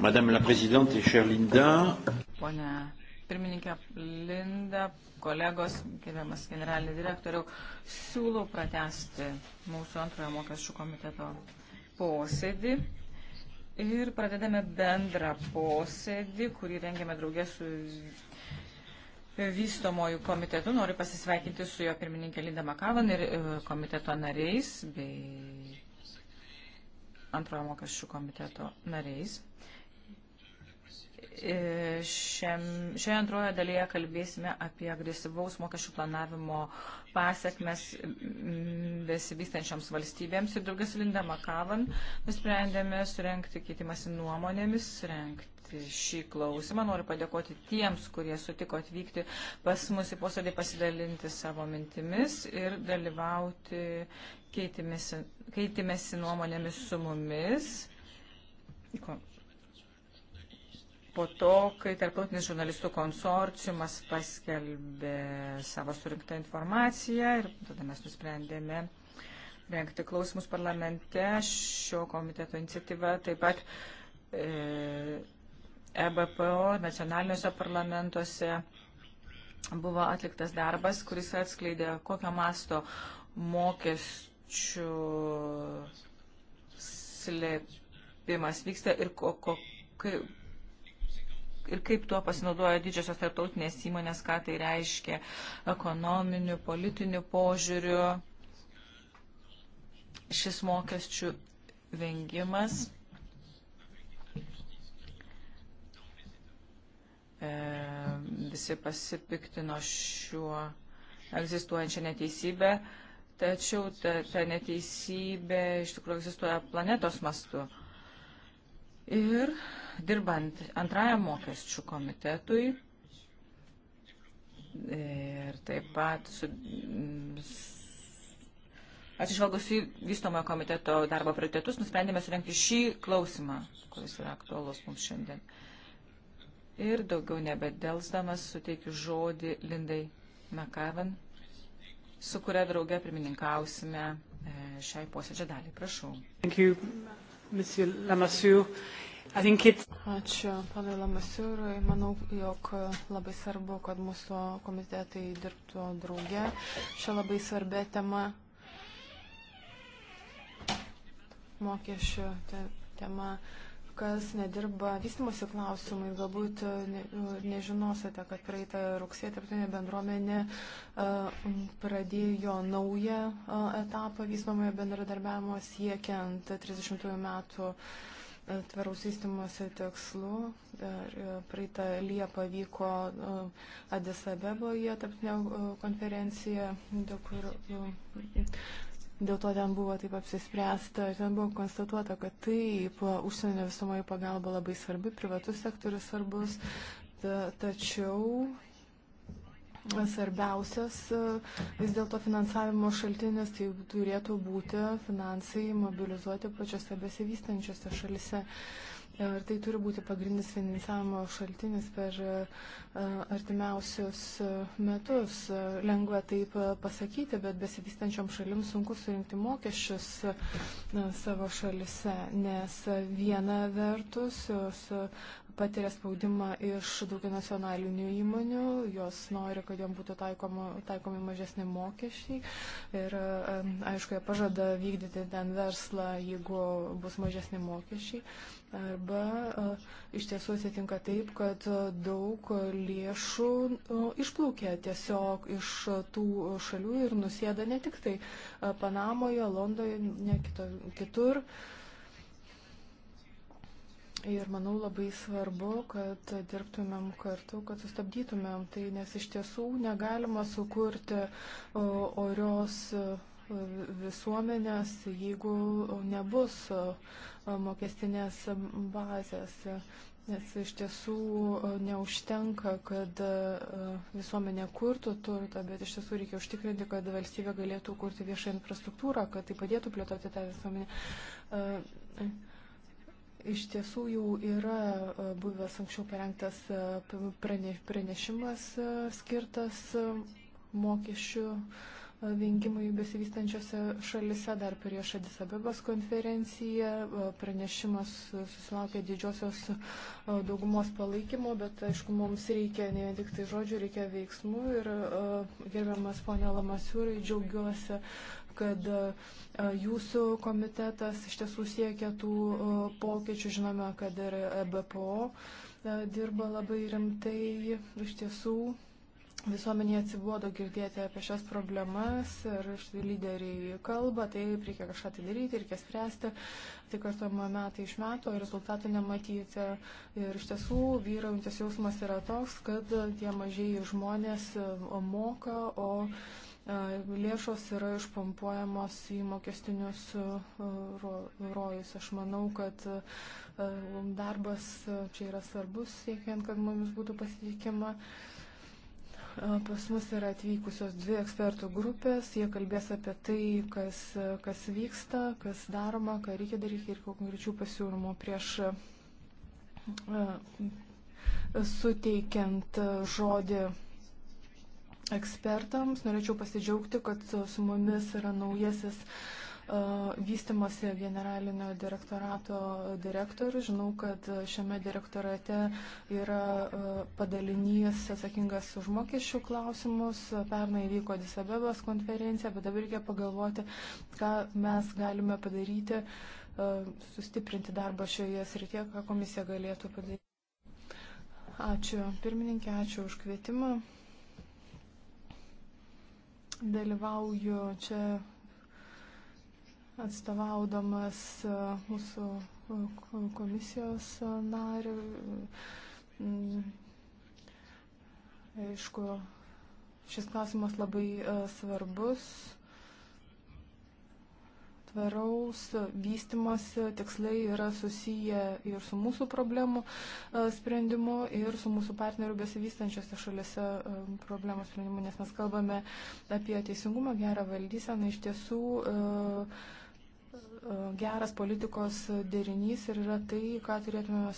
Madame la Présidente, chère Linda. Pone pirmininkė Linda, kolegos, gerbiamas generalinį direktoriau, siūlau pratesti mūsų antrojo mokesčių komiteto posėdį. Ir pradedame bendrą posėdį, kurį rengėme draugė su vystomojų komitetu. Noriu pasisveikinti su jo pirmininkė Linda Makavan ir e, komiteto nariais bei antrojo mokesčių komiteto nariais. E, šioje antroje dalyje kalbėsime apie agresyvaus mokesčių planavimo pasiekmes mm, besivystančioms valstybėms ir daugias Linda Makavan nusprendėme surenkti keitimąsi nuomonėmis, surenkti šį klausimą. Noriu padėkoti tiems, kurie sutiko atvykti pas mus į posėdį pasidalinti savo mintimis ir dalyvauti keitimėsi, keitimėsi nuomonėmis su mumis po to, kai tarptautinis žurnalistų konsorciumas paskelbė savo surinktą informaciją ir tada mes nusprendėme rengti klausimus parlamente šio komiteto iniciatyva, taip pat e, EBPO nacionaliniuose parlamentuose buvo atliktas darbas, kuris atskleidė, kokio masto mokesčių slėpimas vyksta ir ko, ko, kaip ir kaip tuo pasinaudoja didžiosios tarptautinės įmonės, ką tai reiškia ekonominiu, politiniu požiūriu. Šis mokesčių vengimas e, visi pasipiktino šiuo egzistuojančią neteisybę, tačiau ta, ta neteisybė iš tikrųjų egzistuoja planetos mastu. Ir dirbant antrajam mokesčių komitetui ir taip pat su, mm, atsižvelgus į vystomojo komiteto darbo prioritetus, nusprendėme surenkti šį klausimą, kuris yra aktualus mums šiandien. Ir daugiau nebedelsdamas suteikiu žodį Lindai McAvan, su kuria drauge pirmininkausime e, šiai posėdžio daliai. Prašau. Thank you, Monsieur Lamassu. Ačiū, panai Lamasiūrui. Manau, jog labai svarbu, kad mūsų komitetai dirbtų drauge. Šia labai svarbia tema mokesčių te, tema kas nedirba vystimosi klausimai, galbūt ne, nežinosite, kad praeitą rugsėje tarptautinė bendruomenė uh, pradėjo naują uh, etapą vystomojo bendradarbiavimo siekiant 30 metų uh, tvaraus įstymosi tikslu. E, praeitą Liepą vyko e, Adis Abeboje tarptinė e, konferencija, dėl, kur, dėl to ten buvo taip apsispręsta. Ten buvo konstatuota, kad taip, užsienio visumoji pagalba labai svarbi, privatus sektorius svarbus, tačiau Svarbiausias e, vis dėlto finansavimo šaltinis tai turėtų būti finansai mobilizuoti pačiose besivystančiose šalise. Ir tai turi būti pagrindinis finansavimo šaltinis per e, artimiausius e, metus. Lengva taip pasakyti, bet besivystančiom šalim sunku surinkti mokesčius savo šalise, nes viena vertus jos patiria spaudimą iš daugia nacionalinių įmonių, jos nori, kad jom būtų taikoma, taikomi mažesni mokesčiai ir aišku, jie pažada vykdyti ten verslą, jeigu bus mažesni mokesčiai. Arba e, iš tiesų atsitinka taip, kad daug lėšų išplaukia tiesiog iš tų šalių ir nusėda ne tik tai e, Panamoje, Londoje, ne kito, kitur. kitur Ir manau labai svarbu, kad dirbtumėm kartu, kad sustabdytumėm tai, nes iš tiesų negalima sukurti orios e, visuomenės, jeigu nebus e, mokestinės bazės. Nes iš tiesų e, neužtenka, kad visuomenė kurtų turtą, bet iš tiesų reikia užtikrinti, kad valstybė galėtų kurti viešą infrastruktūrą, kad tai padėtų plėtoti tą visuomenę. Iš tiesų jau yra e, buvęs anksčiau parengtas e, pranešimas e, skirtas mokesčių vengimui besivystančiose šalise dar prieš Adisabebos konferenciją. Pranešimas susilaukė didžiosios daugumos palaikymo, bet aišku, mums reikia ne tik tai žodžių, reikia veiksmų ir gerbiamas ponė Lamasiūrai, džiaugiuosi kad e, jūsų komitetas iš tiesų siekia tų e, pokyčių. Žinome, kad ir e BPO dirba labai rimtai iš tiesų. Visuomenė atsibodo girdėti apie šias problemas ir lyderiai kalba, taip reikia kažką tai daryti, reikia spręsti, tai kartuojama metai iš metų, rezultatų nematyti. Ir iš tiesų vyraujantis jausmas yra toks, kad tie mažieji žmonės moka, o E, lėšos yra išpompuojamos į mokestinius e, rojus. Aš manau, kad e, darbas čia yra svarbus, siekiant, kad mums būtų pasitikima. Pas mus yra atvykusios dvi ekspertų grupės, jie kalbės apie tai, kas, kas vyksta, kas daroma, ką reikia daryti ir konkrečių pasiūlymų prieš suteikiant žodį ekspertams. Norėčiau pasidžiaugti, kad su mumis yra naujasis vystimosi generalinio direktorato direktorius. Žinau, kad šiame direktorate yra padalinys atsakingas už mokesčių klausimus. Pernai vyko Disabebas konferencija, bet dabar reikia pagalvoti, ką mes galime padaryti, sustiprinti darbą šioje srityje, ką komisija galėtų padaryti. Ačiū pirmininkė, ačiū už kvietimą. Dalyvauju čia atstovaudamas e, mūsų e, komisijos narį. Mm. Aišku, šis klausimas labai e, svarbus tvaraus vystimosi tikslai yra susiję ir su mūsų problemų e, sprendimu, ir su mūsų partnerių besivystančiose šalise e, problemų sprendimu, nes mes kalbame apie teisingumą, gerą valdyseną. Iš tiesų e, geras politikos derinys ir yra tai, ką turėtume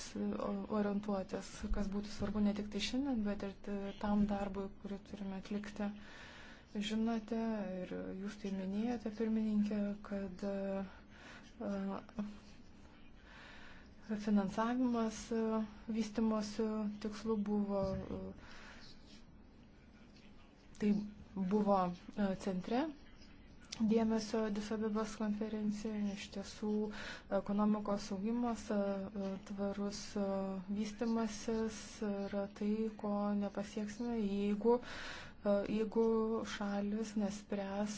orientuotis, kas būtų svarbu ne tik tai šiandien, bet ir tam darbui, kurį turime atlikti. Žinote, ir jūs tai minėjote, pirmininkė, kad e, finansavimas e, vystimosi tikslų buvo, e, tai buvo centre dėmesio Disabibas konferencijoje, iš tiesų ekonomikos augimas, tvarus vystimasis yra tai, ko nepasieksime, jeigu uh, E, jeigu šalis nespręs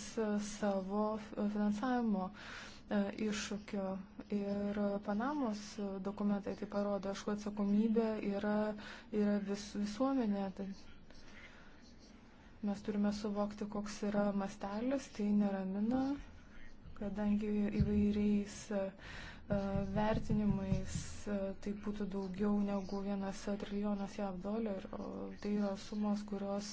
savo finansavimo e, iššūkio. Ir Panamos dokumentai tai parodo, aišku, atsakomybė yra, yra vis, visuomenė. Tai mes turime suvokti, koks yra mastelis, tai neramina, kadangi įvairiais uh, E, vertinimais e, tai būtų daugiau negu vienas trilijonas jav dolerių. Tai yra sumos, kurios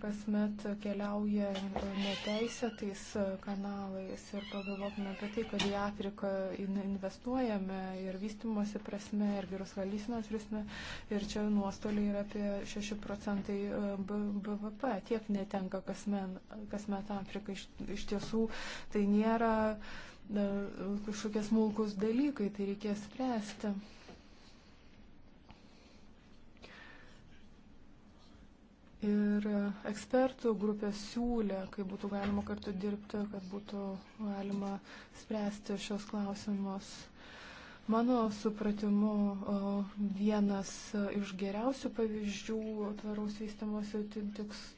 kasmet keliauja neteisėtais e, kanalais ir pagalvokime apie tai, kad į Afriką investuojame ir vystimosi prasme, ir geros valdysinos prasme, ir čia nuostoliai yra apie 6 procentai BVP, tiek netenka kasmet, kasmet Afrika. Iš, iš tiesų tai nėra uh, kažkokie smulkus dalykai, tai reikės spręsti. Ir ekspertų grupė siūlė, kaip būtų galima kartu dirbti, kad būtų galima spręsti šios klausimus. Mano supratimu, vienas iš geriausių pavyzdžių tvaraus vystimosi tikslų.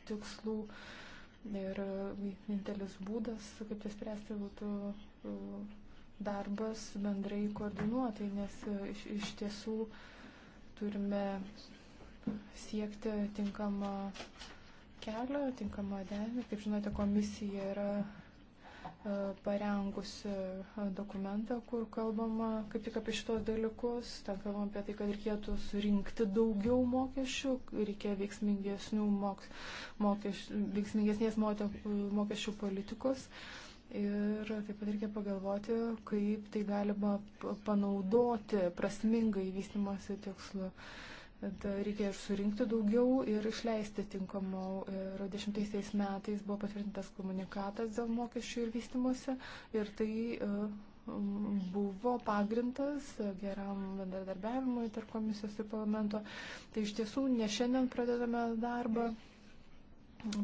Tiks, Ir e, vienintelis būdas, kaip tai spręsti, būtų e, darbas bendrai koordinuotai, nes e, iš, iš tiesų turime siekti tinkamą kelią, tinkamą derinį. Kaip žinote, komisija yra E, parengusi e, dokumentą, kur kalbama kaip tik apie šitos dalykus. Ten kalbama apie tai, kad reikėtų surinkti daugiau mokesčių, reikia veiksmingesnių moks, mokeš, veiksmingesnės mokesčių politikos. Ir taip pat reikia pagalvoti, kaip tai galima panaudoti prasmingai vystimosi tikslu. Uh, reikia ir surinkti daugiau ir išleisti tinkamiau. Ir dešimtaisiais metais buvo patvirtintas komunikatas dėl mokesčių ir vystimuose ir tai e, buvo pagrindas geram bendradarbiavimui tarp komisijos ir parlamento. Tai iš tiesų ne šiandien pradedame darbą.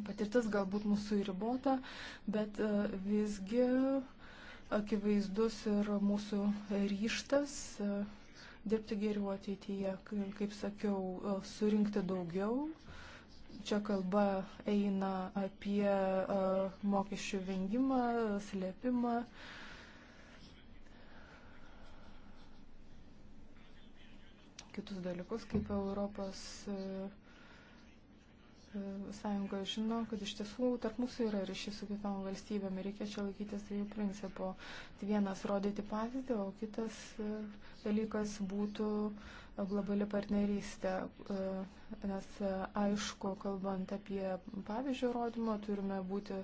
Patirtis galbūt mūsų įribota, bet e, visgi akivaizdus ir mūsų ryštas e, dirbti geriau ateityje, kaip sakiau, e, surinkti daugiau. Čia kalba eina apie e, mokesčių vengimą, slėpimą. kitus dalykus, kaip Europos uh, sąjunga žino, kad iš tiesų tarp mūsų yra ryšys su kitom valstybėm ir reikia čia laikytis dviejų principų. Tai vienas rodyti pavyzdį, o kitas e, dalykas būtų globali partnerystė. E, nes e, aišku, kalbant apie pavyzdžio rodymą, turime būti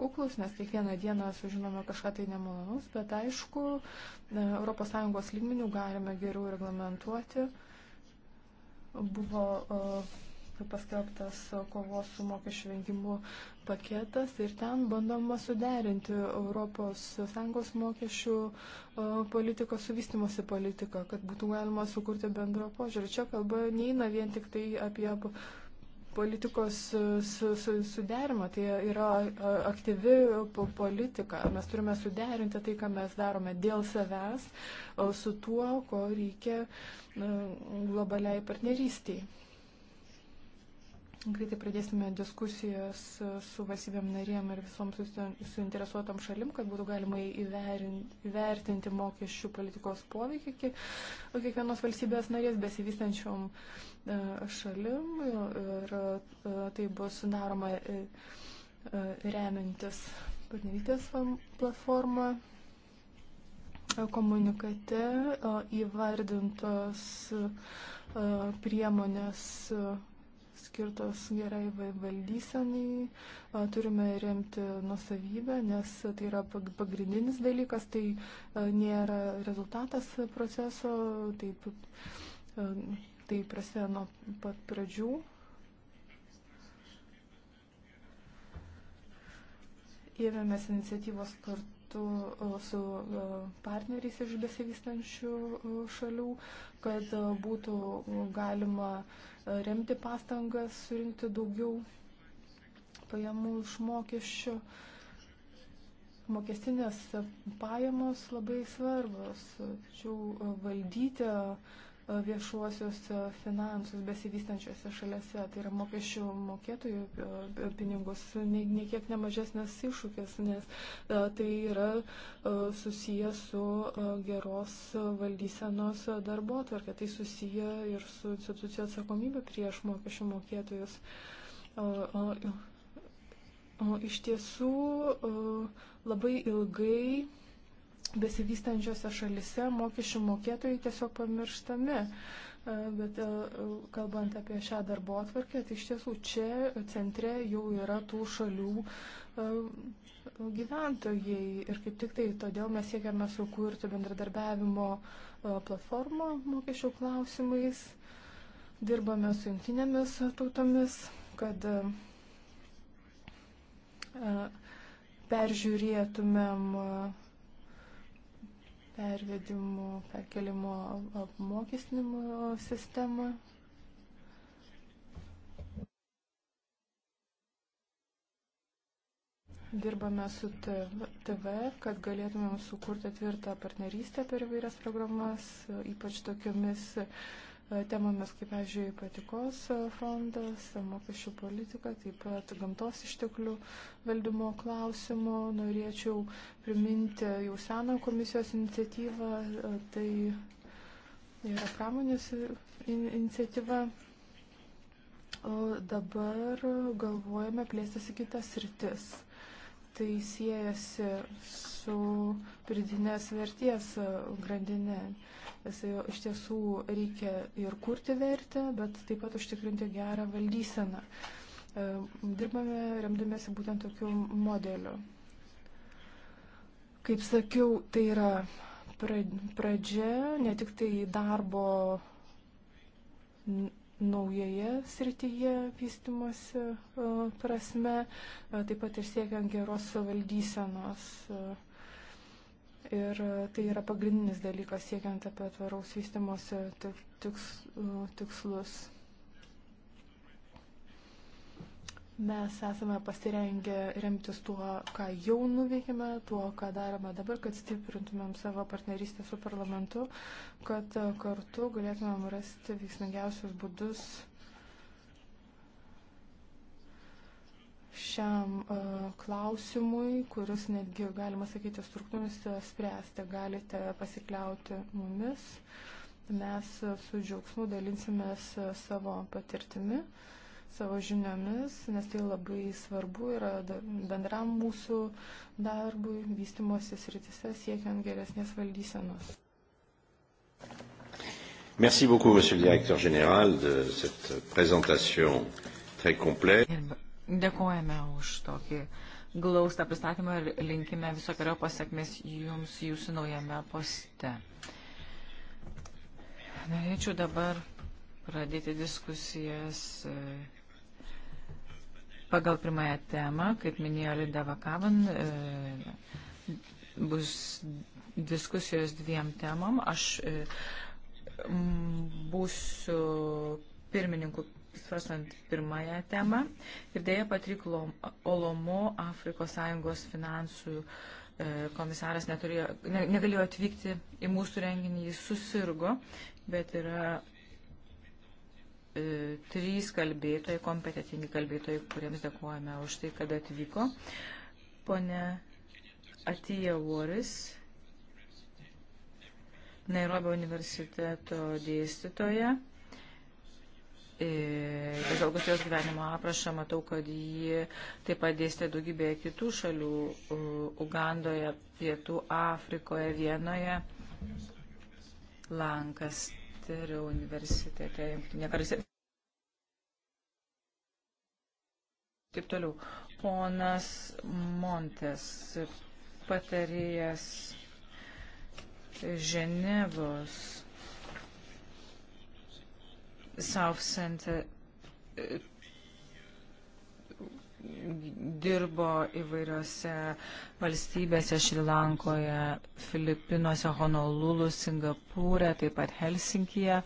kuklus, nes kiekvieną dieną sužinome kažką tai nemalonus, bet aišku, ES lygmenių galime geriau reglamentuoti. Buvo uh, paskelbtas kovos su mokesčių vengimu paketas ir ten bandoma suderinti ES mokesčių e, politiką su vystimosi politika, kad būtų galima sukurti bendrą požiūrį. Čia kalba neina vien tik tai apie politikos e, suderimą, tai yra e, aktyvi politika. Mes turime suderinti tai, ką mes darome dėl savęs, su tuo, ko reikia globaliai partnerystiai. Greitai pradėsime diskusijas su valstybėm narėm ir visom suinteresuotam šalim, kad būtų galima įvertinti mokesčių politikos poveikį kiekvienos valstybės narės besivystančiom e, šalim ir e, tai bus daroma e, remintis partnerystės platformą komunikate įvardintos priemonės skirtos gerai valdysenai, turime remti nusavybę, nes tai yra pagrindinis dalykas, tai nėra rezultatas proceso, taip, tai prasideda nuo pat pradžių. Įvėmės iniciatyvos kartu kartu su partneriais iš besivystančių šalių, kad būtų galima e, remti pastangas, surinkti daugiau pajamų iš mokesčių. Mokestinės pajamos labai svarbios, tačiau valdyti uh, viešuosius e, finansus besivystančiose šalėse, tai yra mokesčių mokėtojų e, pinigus, niekiek nemažesnis iššūkis, nes e, tai yra susijęs su geros valdysenos darbo tvarkė, tai susiję ir su institucijų atsakomybė prieš mokesčių mokėtojus. Iš tiesų labai ilgai besivystančiose šalise mokesčių mokėtojai tiesiog pamirštami. E, bet e, kalbant apie šią darbo atvarkę, tai iš tiesų čia centre jau yra tų šalių e, gyventojai ir kaip tik tai todėl mes siekiame sukurti bendradarbiavimo platformą mokesčių klausimais, dirbame su jungtinėmis tautomis, kad peržiūrėtumėm pervedimų, perkelimo apmokestinimo sistemą. Dirbame su TV, kad galėtumėm sukurti tvirtą partnerystę per įvairias programas, ypač tokiomis uh, E, temomis, kaip, pavyzdžiui, patikos e, fondas, e, mokesčių politika, taip pat gamtos išteklių valdymo klausimų. Norėčiau priminti jau seną komisijos iniciatyvą, tai yra pramonės iniciatyva. O dabar galvojame plėstis į kitas rytis. Tai siejasi su pridinės verties grandinė. Uh, iš tiesų reikia ir kurti vertę, bet taip pat užtikrinti gerą valdyseną. E, dirbame remdamėsi būtent tokiu modeliu. Kaip sakiau, tai yra pradžia ne tik tai darbo naujoje srityje vystimosi e, prasme, taip pat ir siekiant geros valdysenos e, Ir e, tai yra pagrindinis dalykas siekiant apie tvaraus vystimosi tiks, e, tikslus. Mes esame pasirengę remtis tuo, ką jau nuveikėme, tuo, ką darome dabar, kad stiprintumėm savo partnerystę su parlamentu, kad e, kartu galėtumėm rasti veiksmingiausius būdus šiam e, klausimui, kuris netgi, galima sakyti, struktūrinis spręsti, galite pasikliauti mumis. Mes su džiaugsmu dalinsimės e, savo patirtimi savo žiniomis, nes tai labai svarbu yra bendram mūsų darbui, vystimosi sritise, siekiant geresnės valdysenos. Merci beaucoup, Monsieur le Directeur Général, de cette présentation très complète. Dėkojame už tokį glaustą pristatymą ir linkime visokiojo pasiekmės jums jūsų naujame poste. Norėčiau dabar pradėti diskusijas e, pagal pirmąją temą, kaip minėjo Linda Vakavan, e, bus diskusijos dviem temom. Aš e, būsiu pirmininku svarstant pirmąją temą. Ir dėja patriklo Olomo, Afrikos Sąjungos finansų e, komisaras neturėjo, ne, negalėjo atvykti į mūsų renginį, jis susirgo, bet yra e, trys kalbėtojai, kompetitingi kalbėtojai, kuriems dėkojame už tai, kad atvyko. Pone Atija Voris, Nairobio universiteto dėstytoja Pažvelgus jos gyvenimo aprašą, matau, kad ji taip pat dėstė daugybėje kitų šalių - Ugandoje, Pietų Afrikoje, Vienoje, Lankasterio universitete, Junktinė karalystė. Taip toliau. Ponas Montes, patarėjas Ženevos South Center dirbo įvairiose valstybėse - Šrilankoje, Filipinuose, Honolulu, Singapūrė, taip pat Helsinkije.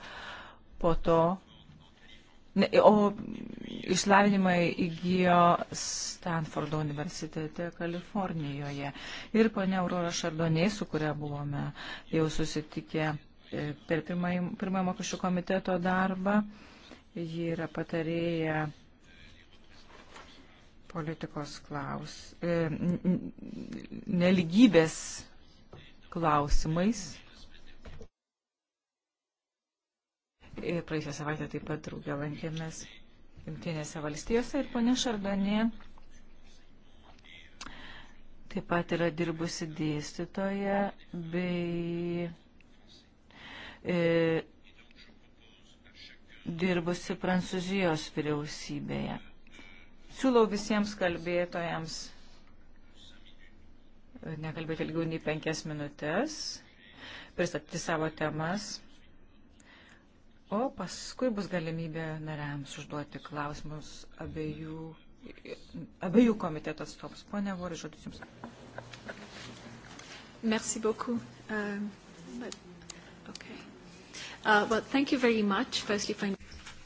Po to, ne, o išlavinimą įgyjo Stanfordo universitete Kalifornijoje. Ir ponia Aurora Šardoniai, su kuria buvome jau susitikę E, per pirmąją mokesčių komiteto darbą. Ji yra patarėja politikos klaus, e, neligybės klausimais. Ir e, praėjusią savaitę taip pat draugė lankėmės Junktinėse valstijose ir ponė Šardanė taip pat yra dirbusi dėstytoja bei e, dirbusi Prancūzijos vyriausybėje. Siūlau visiems kalbėtojams e, nekalbėti ilgiau nei penkias minutės, pristatyti savo temas, o paskui bus galimybė nariams užduoti klausimus abiejų, abiejų komiteto atstovus. Pone Vorai, žodis Jums. Merci beaucoup. Uh, but... Uh, well, thank you very much, firstly, for...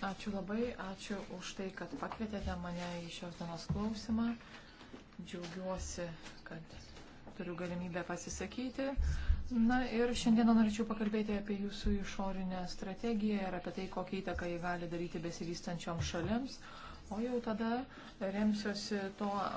Ačiū labai, ačiū už tai, kad pakvietėte mane į šios dienos klausimą. Džiaugiuosi, kad turiu galimybę pasisakyti. Na ir šiandieną norėčiau pakalbėti apie jūsų išorinę strategiją ir apie tai, kokią įtaką jį gali daryti besivystančiom šalims. O jau tada remsiuosi tuo uh,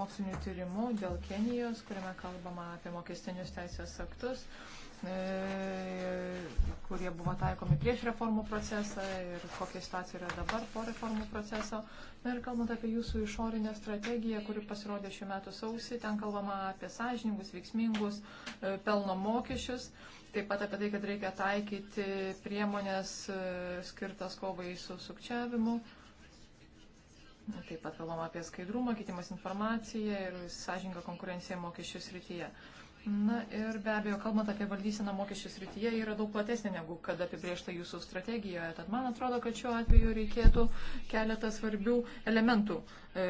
moksliniu tyrimu dėl Kenijos, kuriame kalbama apie mokestinius teisės aktus. Uh, E, kurie buvo taikomi prieš reformų procesą ir kokia situacija yra dabar po reformų proceso. Na ir kalbant apie jūsų išorinę strategiją, kuri pasirodė šiuo metu sausi, ten kalbama apie sąžiningus, veiksmingus e, pelno mokesčius, taip pat apie tai, kad reikia taikyti priemonės e, skirtas kovai su sukčiavimu. Taip pat kalbama apie skaidrumą, keitimas informaciją ir sąžingą konkurenciją mokesčių srityje. Na ir be abejo, kalbant apie valdyseną mokesčių srityje, yra daug platesnė negu kad apibriešta jūsų strategijoje. Tad man atrodo, kad šiuo atveju reikėtų keletą svarbių elementų e,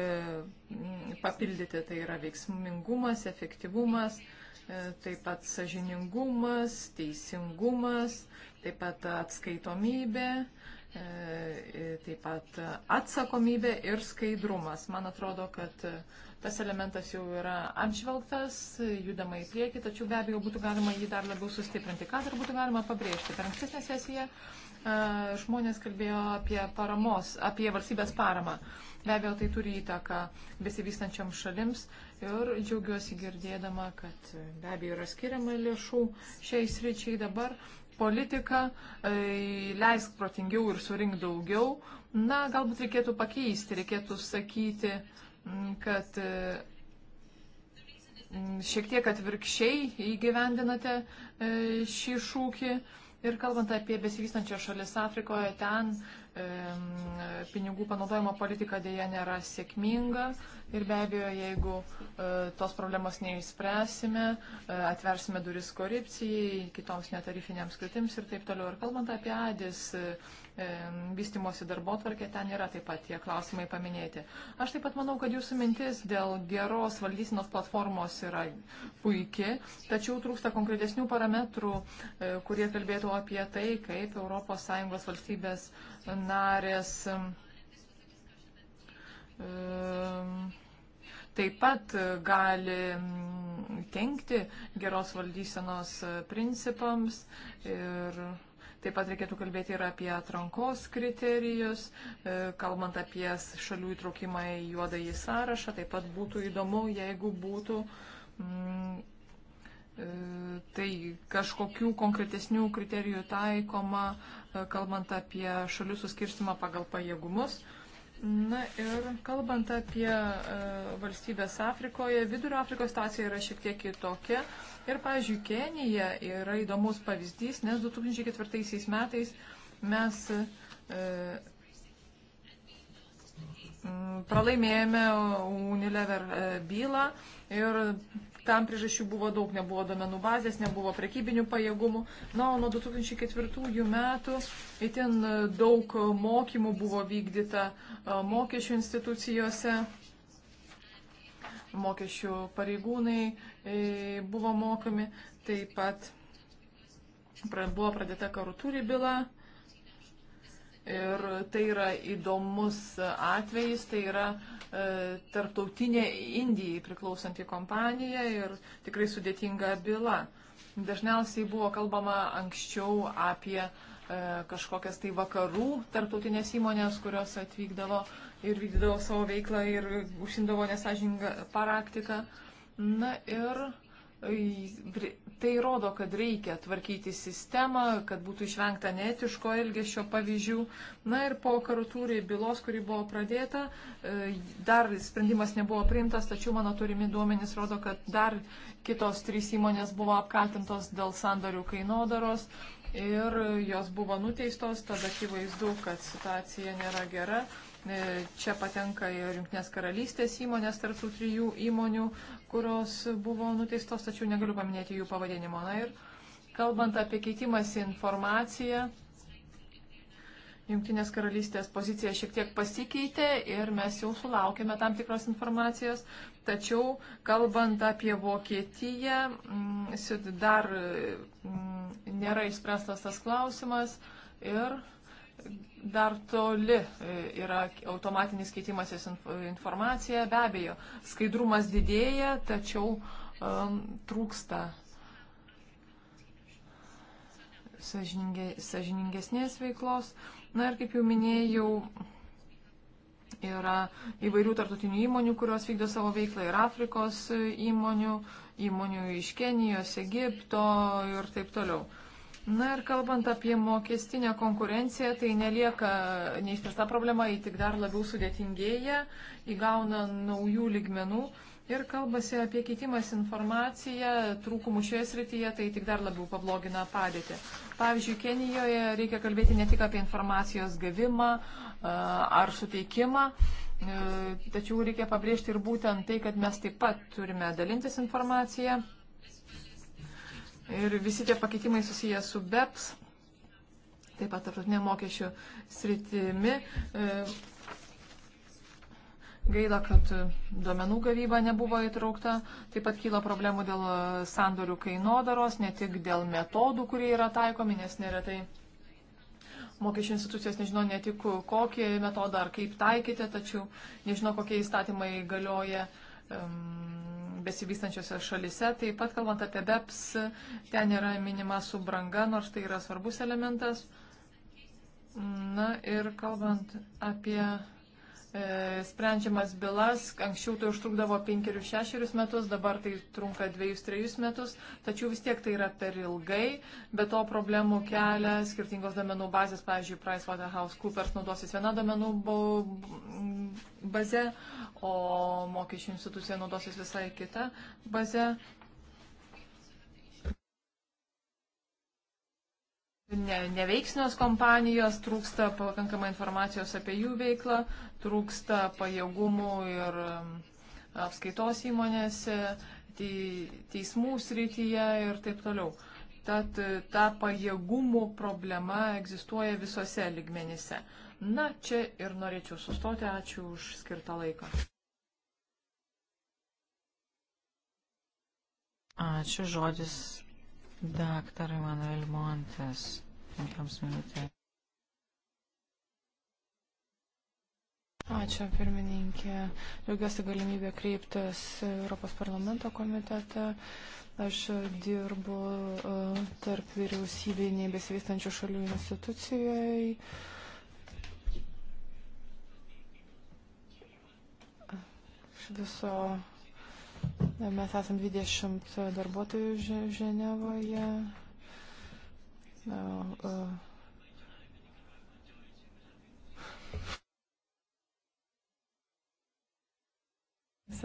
papildyti. Tai yra veiksmingumas, efektyvumas, e, taip pat sažiningumas, teisingumas, taip pat atskaitomybė. E, e taip pat atsakomybė ir skaidrumas. Man atrodo, kad e, Tas elementas jau yra apžvelgtas, judama į priekį, tačiau be abejo būtų galima jį dar labiau sustiprinti. Ką dar būtų galima pabrėžti? Per ankstesnę sesiją e, žmonės kalbėjo apie paramos, apie valstybės paramą. Be abejo, tai turi įtaką besivystančiam šalims ir džiaugiuosi girdėdama, kad be abejo yra skiriama lėšų šiai sričiai dabar. Politika, e, leisk protingiau ir surink daugiau. Na, galbūt reikėtų pakeisti, reikėtų sakyti, uh, kad e, šiek tiek atvirkščiai įgyvendinate e, šį šūkį. Ir kalbant apie besivystančią šalis Afrikoje, ten e, pinigų panaudojimo politika dėja nėra sėkminga ir be abejo, jeigu e, tos problemos neįspręsime, e, atversime duris korupcijai, kitoms netarifinėms kritims ir taip toliau. Ir kalbant apie Adis e, E, vystimosi darbo tvarkė, ten yra taip pat tie klausimai paminėti. Aš taip pat manau, kad jūsų mintis dėl geros valdysinos platformos yra puikia, tačiau trūksta konkretesnių parametrų, e, kurie kalbėtų apie tai, kaip ES valstybės narės. E, taip pat gali kenkti geros valdysenos principams ir Taip pat reikėtų kalbėti ir apie atrankos kriterijus, e, kalbant apie šalių įtraukimą į juodąjį sąrašą. Taip pat būtų įdomu, jeigu būtų mm, e, tai kažkokių konkretesnių kriterijų taikoma, e, kalbant apie šalių suskirstimą pagal pajėgumus. Mm, Na ir kalbant apie uh, valstybės Afrikoje, Vidurio Afrikos situacija yra šiek tiek kitokia. Ir, pavyzdžiui, Kenija yra įdomus pavyzdys, nes 2004 metais mes uh, pralaimėjome Unilever e, bylą ir tam priežasčių buvo daug, nebuvo domenų bazės, nebuvo prekybinių pajėgumų. Na, o nuo 2004 metų itin daug mokymų buvo vykdyta e, mokesčių institucijose. Mokesčių pareigūnai e, buvo mokami, taip pat buvo pradėta karutūri byla Ir tai yra įdomus atvejis, tai yra e, tarptautinė Indijai priklausanti kompanija ir tikrai sudėtinga byla. Dažniausiai buvo kalbama anksčiau apie e, kažkokias tai vakarų tarptautinės įmonės, kurios atvykdavo ir vykdydavo savo veiklą ir užsimdavo nesažingą praktiką. Na ir e, Tai rodo, kad reikia tvarkyti sistemą, kad būtų išvengta neetiško elgesio pavyzdžių. Na ir po karutūrai bylos, kuri buvo pradėta, e, dar sprendimas nebuvo priimtas, tačiau mano turimi duomenys rodo, kad dar kitos trys įmonės buvo apkaltintos dėl sandarių kainodaros ir jos buvo nuteistos, tad akivaizdu, kad situacija nėra gera. E, čia patenka ir Junktinės karalystės įmonės tarp tų trijų įmonių, kurios buvo nuteistos, tačiau negaliu paminėti jų pavadinimo. Na ir kalbant apie keitimąsi informaciją, Junktinės karalystės pozicija šiek tiek pasikeitė ir mes jau sulaukėme tam tikros informacijos, tačiau kalbant apie Vokietiją, dar nėra išspręstas tas klausimas ir dar toli e, yra automatinis keitimasis informacija. Be abejo, skaidrumas didėja, tačiau um, trūksta sažininge, sažiningesnės veiklos. Na ir kaip jau minėjau, yra įvairių tartutinių įmonių, kurios vykdo savo veiklą ir Afrikos e, įmonių, įmonių iš Kenijos, Egipto ir taip toliau. Na ir kalbant apie mokestinę konkurenciją, tai nelieka neištesta problema, ji tik dar labiau sudėtingėja, įgauna naujų ligmenų ir kalbasi apie keitimas informaciją, trūkumų šioje srityje, tai tik dar labiau pablogina padėtį. Pavyzdžiui, Kenijoje reikia kalbėti ne tik apie informacijos gavimą ar suteikimą, e, tačiau reikia pabrėžti ir būtent tai, kad mes taip pat turime dalintis informaciją. Ir visi tie pakeitimai susiję su BEPS, taip pat tarptautinė mokesčių sritimi. E, gaila, kad duomenų gavyba nebuvo įtraukta. Taip pat kyla problemų dėl sandorių kainodaros, ne tik dėl metodų, kurie yra taikomi, nes neretai mokesčių institucijos nežino ne tik kokį metodą ar kaip taikyti, tačiau nežino, kokie įstatymai galioja um, besivystančiose šalise. Taip pat kalbant apie BEPS, ten yra minima subranga, nors tai yra svarbus elementas. Na ir kalbant apie E, sprendžiamas bylas, anksčiau tai užtrukdavo penkerius šešerius metus, dabar tai trunka dviejus trejus metus, tačiau vis tiek tai yra per ilgai, be to problemų kelia skirtingos domenų bazės, pavyzdžiui, PricewaterhouseCoopers naudosis viena domenų baze, o mokesčių institucija naudosis visai kita baze, Ne, neveiksnios kompanijos, trūksta pakankamai informacijos apie jų veiklą, trūksta pajėgumų ir um, apskaitos įmonėse, teismų srityje ir taip toliau. Tad e, ta pajėgumų problema egzistuoja visose ligmenyse. Na, čia ir norėčiau sustoti. Ačiū už skirtą laiką. Ačiū žodis Dr. Emanuel Montes, penkioms minutėms. Ačiū, pirmininkė. Liūgiuosi galimybę kreiptis Europos parlamento komitetą. Aš dirbu e, tarp vyriausybiniai besivystančių šalių institucijai. Iš viso Mes esam 20 darbuotojų Ženevoje. Mes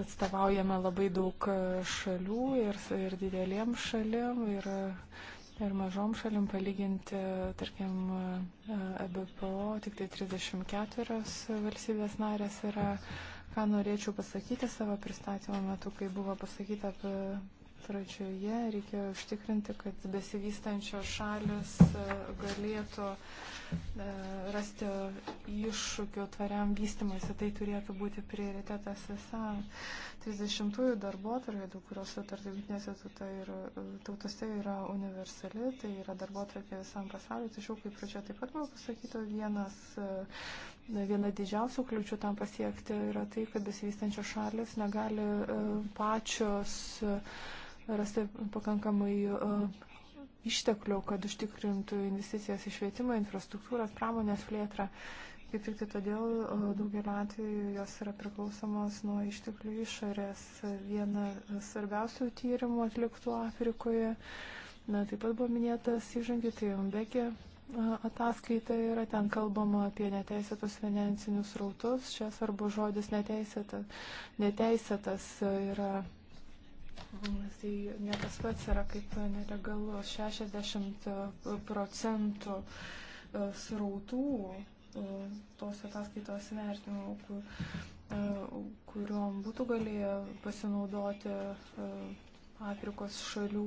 atstovaujame labai daug šalių ir, ir didelėm šalim ir, ir mažom šalim palyginti, tarkim, EBPO, tik tai 34 valstybės narės yra. Mhm ką norėčiau pasakyti savo pristatymo metu, kai buvo pasakyta pradžioje, reikėjo užtikrinti, kad besivystančios šalis e, galėtų uh, E, rasti iššūkių tvariam vystimasi, tai turėtų būti prioritetas esą. 30-ųjų darbo atvarkė, dėl kurios sutartė jungtinėse tauta e, tautose yra universali, tai yra darbo atvarkė visam pasauliu, tačiau kaip pradžia taip pat buvo pasakyta, vienas, e, viena didžiausių kliučių tam pasiekti yra tai, kad besivystančios šalis negali pačios rasti pakankamai išteklių, kad užtikrintų investicijas į švietimą, infrastruktūros, pramonės plėtrą. Kaip tik tai todėl daugelio atveju jos yra priklausomos nuo išteklių išorės. Viena svarbiausių tyrimų atliktų Afrikoje, na, taip pat buvo minėtas įžangį, tai Umbekė ataskaita yra, ten kalbama apie neteisėtus finansinius rautus, čia svarbu žodis neteisėta, neteisėtas yra Mm, tai ne tas pats yra kaip nelegalus 60 e, procentų e, srautų e, tos ataskaitos vertinimo, kur, kuriuom būtų galėję pasinaudoti Afrikos šalių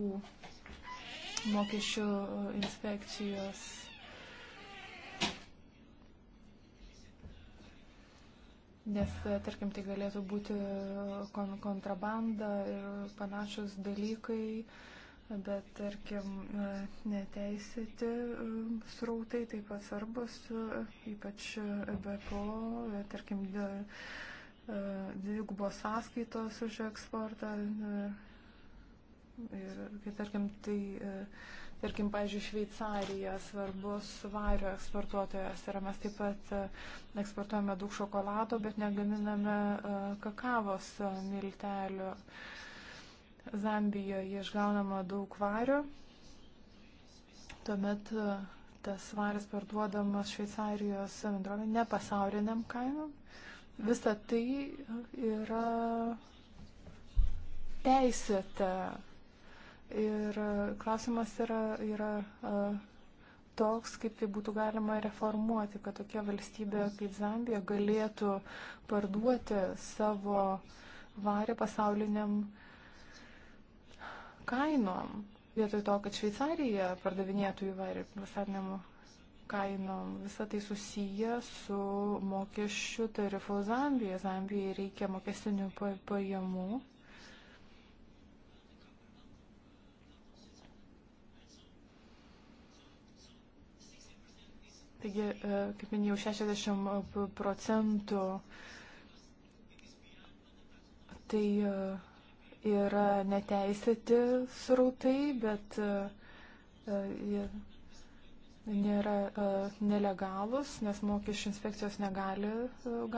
mokesčių inspekcijos nes, e, tarkim, tai galėtų būti e, kon kontrabanda ir panašus dalykai, bet, tarkim, e, neteisėti srautai taip pat svarbus, ypač BPO, tarkim, dvigubos sąskaitos už eksportą ir, ir tarkim, tai. Uh, Tarkim, pažiūrėjau, Šveicarija svarbus vario eksportuotojas yra. Mes taip pat e, eksportuojame daug šokolado, bet negaminame e, kakavos e, miltelių. Zambijoje išgaunama daug vario. Tuomet tas varis parduodamas Šveicarijos bendrovė ne pasauliniam kainom. Visa tai yra teisėta Ir e, klausimas yra, yra e, toks, kaip tai būtų galima reformuoti, kad tokia valstybė kaip Zambija galėtų parduoti savo varį pasauliniam kainom, vietoj to, kad Šveicarija pardavinėtų įvarį pasauliniam kainom. Visą tai susiję su mokesčių tarifu Zambijai. Zambijai reikia mokestinių pajamų. Pa Taigi, e, kaip minėjau, 60 procentų tai e, yra neteisėti srautai, bet jie e, nėra nelegalus, nes mokesčių inspekcijos negali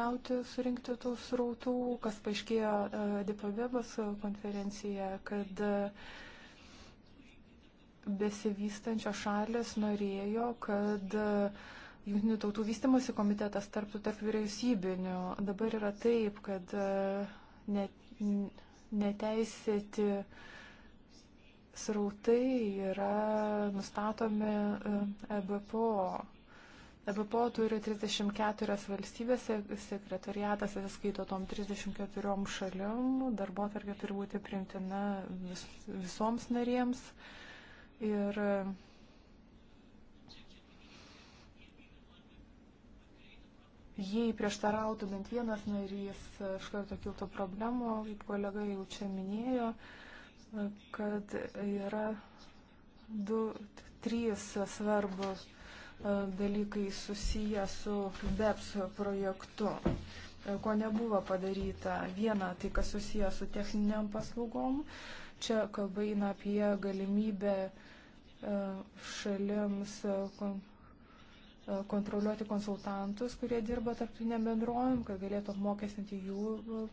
gauti, surinkti tų srautų, kas paaiškėjo Dipavebas konferencija, kad besivystančios šalis norėjo, kad e, Junktinių tautų vystimosi komitetas tarptų tarp vyriausybinių. Dabar yra taip, kad e, net, neteisėti srautai yra nustatomi EBPO. E EBPO turi 34 valstybės, sekretariatas atsiskaito tom 34 šalim, darbo tarkė turi būti priimtina vis, visoms narėms. Uh, Ir jei prieštarautų bent vienas narys, iš karto kiltų problemų, kaip kolega jau čia minėjo, kad yra du, trys svarbus e, dalykai susiję su BEPS projektu, e, ko nebuvo padaryta. Viena, tai kas susiję su techniniam paslaugom, Čia kalba eina apie galimybę e, šalims e, e, kontroliuoti konsultantus, kurie dirba tarptautiniam bendrovėm, kad galėtų apmokestinti jų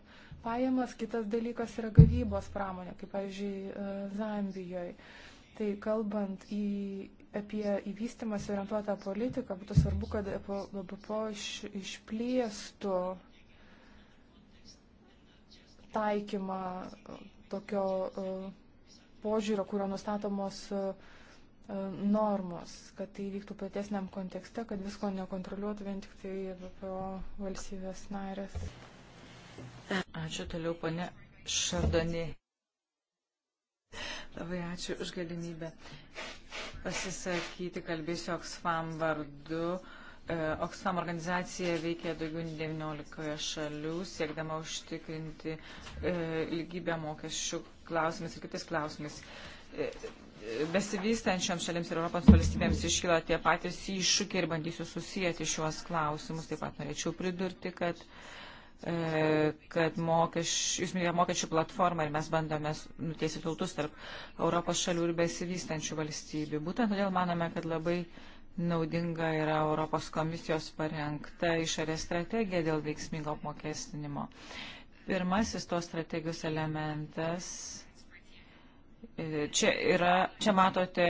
pajamas. Kitas dalykas yra gavybos pramonė, kaip, pavyzdžiui, Zambijoje. Tai kalbant į, apie įvystymas orientuotą politiką, būtų svarbu, kad BPO iš, išplėstų taikymą tokio e, požiūrio, kurio nustatomos e, e, normos, kad tai vyktų platesniam kontekste, kad visko nekontroliuotų vien tik tai BPO valstybės narės. Ačiū toliau, pane Šardani. Labai ačiū už galimybę pasisakyti, kalbėsiu Oksfam vardu. Uh, E, Oksfam organizacija veikia daugiau nei 19 šalių, siekdama užtikrinti e, lygybę mokesčių klausimais ir kitais klausimais. E, besivystančioms šalims ir Europos valstybėms iškyla tie patys iššūkiai ir bandysiu susijęti šiuos klausimus. Taip pat norėčiau pridurti, kad, kad mokeš, jūs minėjote mokesčių platformą ir mes bandome nutiesi tiltus tarp Europos šalių ir besivystančių valstybių. Būtent todėl manome, kad labai naudinga yra Europos komisijos parengta išorės strategija dėl veiksmingo apmokestinimo. Pirmasis tos strategijos elementas. E, čia, yra, čia matote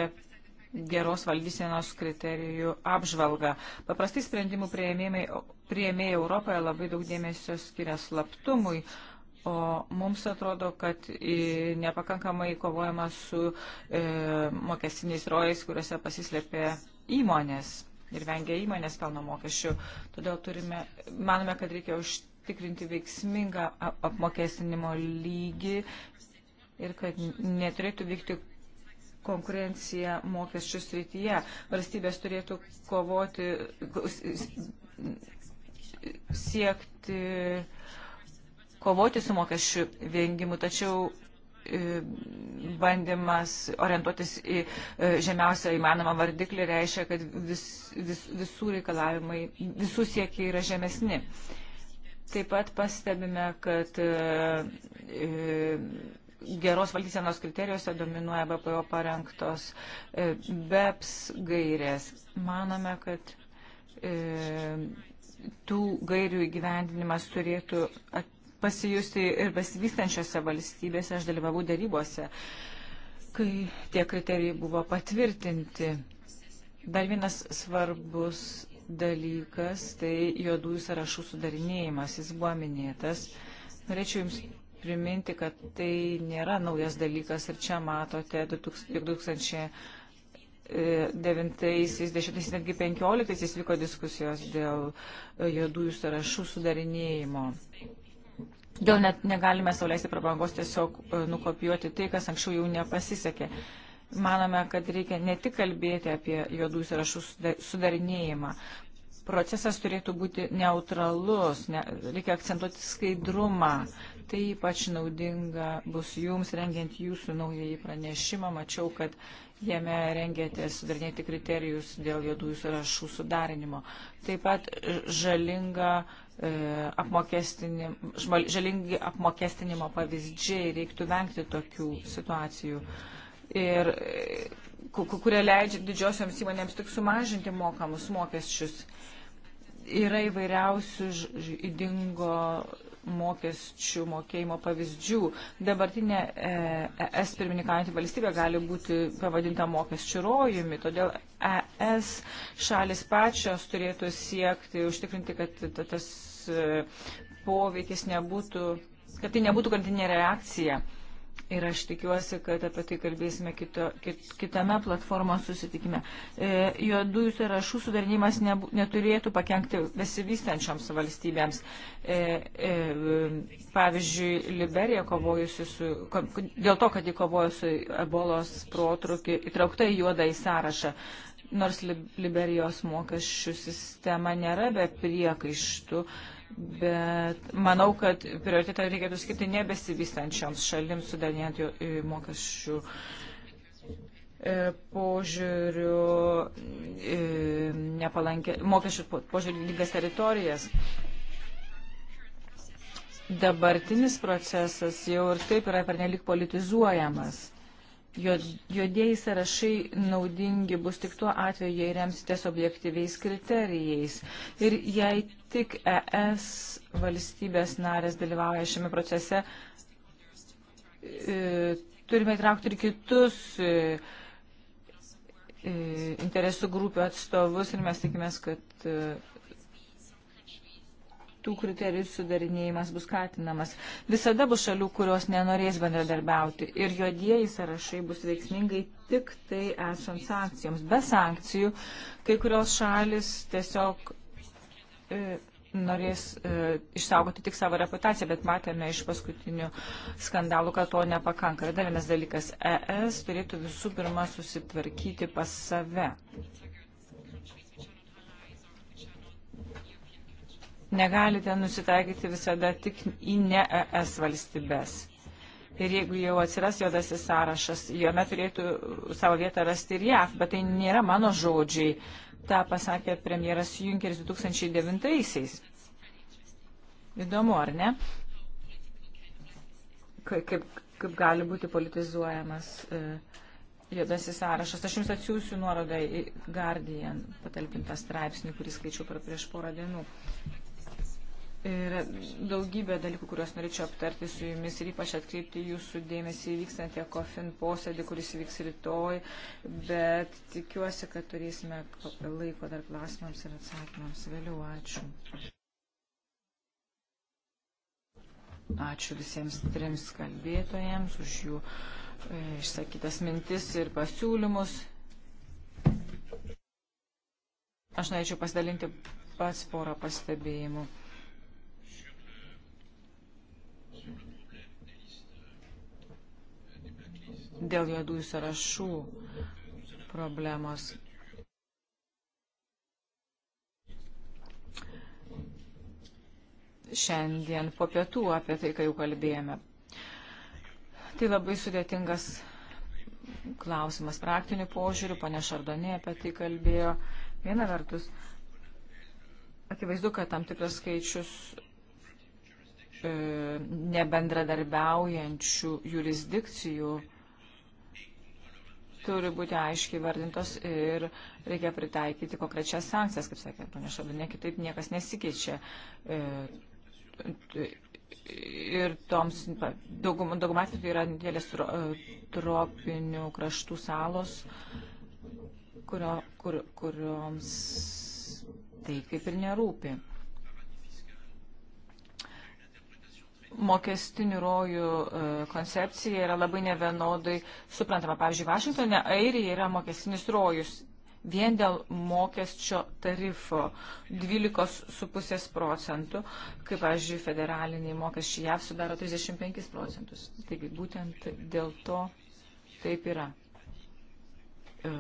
geros valdysenos kriterijų apžvalgą. Paprastai sprendimų prieėmėjai Europoje labai daug dėmesio skiria slaptumui, O mums atrodo, kad nepakankamai kovojama su e, mokestiniais rojais, kuriuose pasislėpė įmonės ir vengia įmonės pelno mokesčių. Todėl turime, manome, kad reikia užtikrinti veiksmingą apmokestinimo lygį ir kad neturėtų vykti konkurencija mokesčių srityje. Valstybės turėtų kovoti, siekti kovoti su mokesčių vengimu, tačiau E, bandymas orientuotis į e, žemiausią įmanomą vardiklį reiškia, kad vis, vis, visų reikalavimai, visų siekiai yra žemesni. Taip pat pastebime, kad e, geros valdysenos kriterijuose dominuoja BPO parengtos BEPS gairės. Manome, kad tų gairių įgyvendinimas turėtų at pasijusti ir besivystančiose valstybėse. Aš dalyvavau darybose, kai tie kriterijai buvo patvirtinti. Dar vienas svarbus dalykas - tai juodųjų sąrašų sudarinėjimas. Jis buvo minėtas. Norėčiau Jums priminti, kad tai nėra naujas dalykas ir čia matote 2000. 9-10, e, netgi 15 vyko diskusijos dėl e, juodųjų sąrašų sudarinėjimo. Dėl net negalime sauliaisti prabangos tiesiog e, nukopijuoti tai, kas anksčiau jau nepasisekė. Manome, kad reikia ne tik kalbėti apie juodų sąrašų sudarinėjimą. Procesas turėtų būti neutralus, ne, reikia akcentuoti skaidrumą. Tai ypač naudinga bus jums rengiant jūsų naująjį pranešimą. Mačiau, kad jame rengėte sudarinėti kriterijus dėl juodųjų sąrašų sudarinimo. Taip pat žalinga uh, E, apmokestinim, žalingi apmokestinimo pavyzdžiai, reiktų vengti tokių situacijų, ir, e, kurie leidžia didžiosioms įmonėms tik sumažinti mokamus mokesčius. Yra įvairiausių ž, ž, įdingo mokesčių mokėjimo pavyzdžių. Dabartinė ES e pirmininkaujantį valstybę gali būti pavadinta mokesčių rojumi, todėl ES šalis pačios turėtų siekti užtikrinti, kad tas e, poveikis nebūtų, kad tai nebūtų kantinė reakcija. Ir aš tikiuosi, kad apie tai kalbėsime kito, kit, kitame platformos susitikime. E, juodųjų sąrašų sudarinimas ne, neturėtų pakengti besivystančioms valstybėms. E, e, pavyzdžiui, Liberija kovojusi su, ko, dėl to, kad ji kovojo su ebolos protrukį, įtraukta į juodą į sąrašą. Nors Liberijos mokesčių sistema nėra be priekaištų. E, bet manau, kad prioritetą reikėtų skirti nebesivystančioms šalims sudarinėjant jų e, mokesčių e, požiūrių e, nepalankė, mokesčių požiūrių lygas teritorijas. Dabartinis procesas jau ir taip yra pernelik politizuojamas. Juodieji sąrašai naudingi bus tik tuo atveju, jei remsitės objektyviais kriterijais. Ir jei tik ES valstybės narės dalyvauja šiame procese, e, turime įtraukti ir kitus e, e, interesų grupių atstovus ir mes tikimės, kad tų kriterijų sudarinėjimas bus skatinamas. Visada bus šalių, kurios nenorės bendradarbiauti ir juodieji sąrašai bus veiksmingai tik tai esant sankcijoms. Be sankcijų kai kurios šalis tiesiog. E, norės e, išsaugoti tik savo reputaciją, bet matėme iš paskutinių skandalų, kad to nepakanka. Ir dar vienas dalykas, ES turėtų visų pirma susitvarkyti pas save. Negalite nusitaikyti visada tik į ne ES valstybės. Ir jeigu jau atsiras juodasis sąrašas, jame turėtų savo vietą rasti ir JAV, bet tai nėra mano žodžiai. Ta pasakė premjeras Junkeris 2009-aisiais. Įdomu, ar ne? Kaip, kaip gali būti politizuojamas e, juodasis sąrašas. Aš jums atsiųsiu nuorodą į Guardian patalpintą straipsnį, kurį skaičiau prieš porą dienų. Ir daugybė dalykų, kuriuos norėčiau aptarti su jumis ir ypač atkreipti jūsų dėmesį į vykstantį ECOFIN posėdį, kuris vyks rytoj, bet tikiuosi, kad turėsime laiko dar klausimams ir atsakymams vėliau. Ačiū. Ačiū visiems trims kalbėtojams už jų e, išsakytas mintis ir pasiūlymus. Aš norėčiau pasidalinti pats porą pastebėjimų. dėl juodųjų sąrašų problemos. Šiandien po pietų apie tai, kai jau kalbėjome. Tai labai sudėtingas klausimas praktinių požiūrių, ponė Šardonė apie tai kalbėjo. Viena vertus, akivaizdu, kad tam tikras skaičius e, nebendradarbiaujančių jurisdikcijų e, turi būti aiškiai vardintos ir reikia pritaikyti konkrečias sankcijas, kaip sakė ponia Šalinė, kitaip niekas nesikeičia. E, ir toms daugumą daugum atveju tai yra didelės e, tropinių kraštų salos, kurio, kur, kurioms tai kaip ir nerūpi. mokestinių rojų e, koncepcija yra labai nevienodai suprantama. Pavyzdžiui, Vašingtonė, Airija yra mokestinis rojus vien dėl mokesčio tarifo 12,5 procentų, kaip, pavyzdžiui, federaliniai mokesčiai JAV sudaro 35 procentus. Taigi būtent dėl to taip yra. E,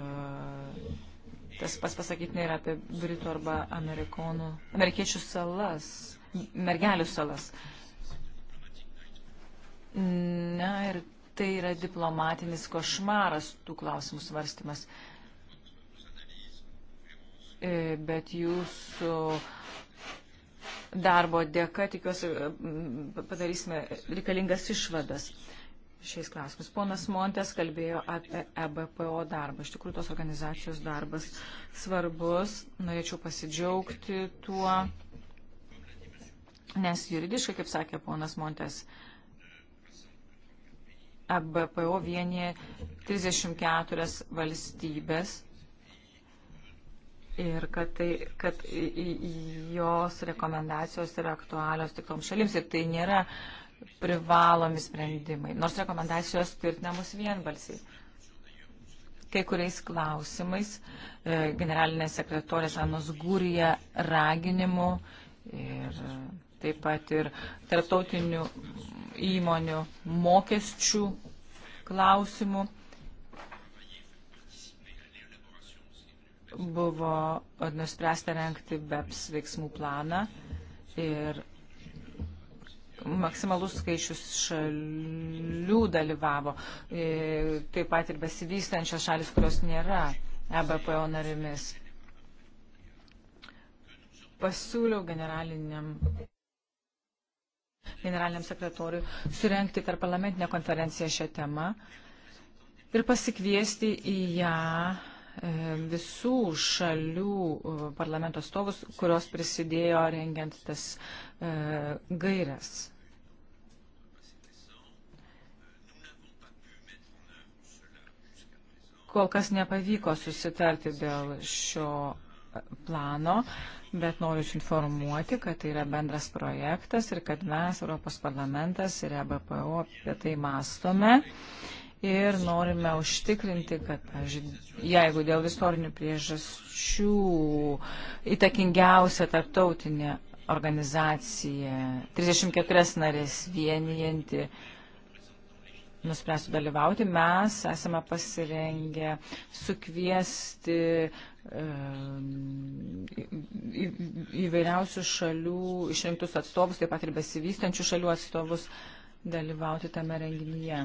tas pas pasakyti nėra apie Britų arba Amerikonų, amerikiečių salas, mergelių salas. E, Na ir tai yra diplomatinis košmaras tų klausimų svarstymas. E, bet jūsų darbo dėka, tikiuosi, e, padarysime reikalingas išvadas šiais klausimus. Ponas Montes kalbėjo apie EBPO darbą. Iš tikrųjų, tos organizacijos darbas svarbus. Norėčiau pasidžiaugti tuo, nes juridiškai, kaip sakė ponas Montes, uh, ABPO e vienyje 34 valstybės ir kad, tai, kad jos rekomendacijos yra aktualios tik toms šalims ir tai nėra privalomi sprendimai, nors rekomendacijos tvirtinamos vienbalsiai. Kai kuriais klausimais e, generalinė sekretorė Žanos Gūrija raginimu ir taip pat ir tarptautinių įmonių mokesčių klausimų. Buvo nuspręsta renkti BEPS veiksmų planą ir maksimalus skaičius šalių dalyvavo, e, taip pat ir besivystančios šalis, kurios nėra EBPO narimis. Pasiūliau generaliniam generaliniam sekretoriui surenkti tarp parlamentinę konferenciją šią temą ir pasikviesti į ją e, visų šalių e, parlamento stovus, kurios prisidėjo rengiant tas e, gairias. Kol kas nepavyko susitarti dėl šio plano, bet noriu informuoti, kad tai yra bendras projektas ir kad mes, Europos parlamentas ir EBPO, apie tai mastome ir norime užtikrinti, kad, pažiūrėjau, jeigu dėl istorinių priežasčių įtakingiausia tarptautinė organizacija, 34 narės vienijanti, nuspręstų dalyvauti, mes esame pasirengę sukviesti įvairiausių šalių išrinktus atstovus, taip pat ir besivystančių šalių atstovus dalyvauti tame renginyje.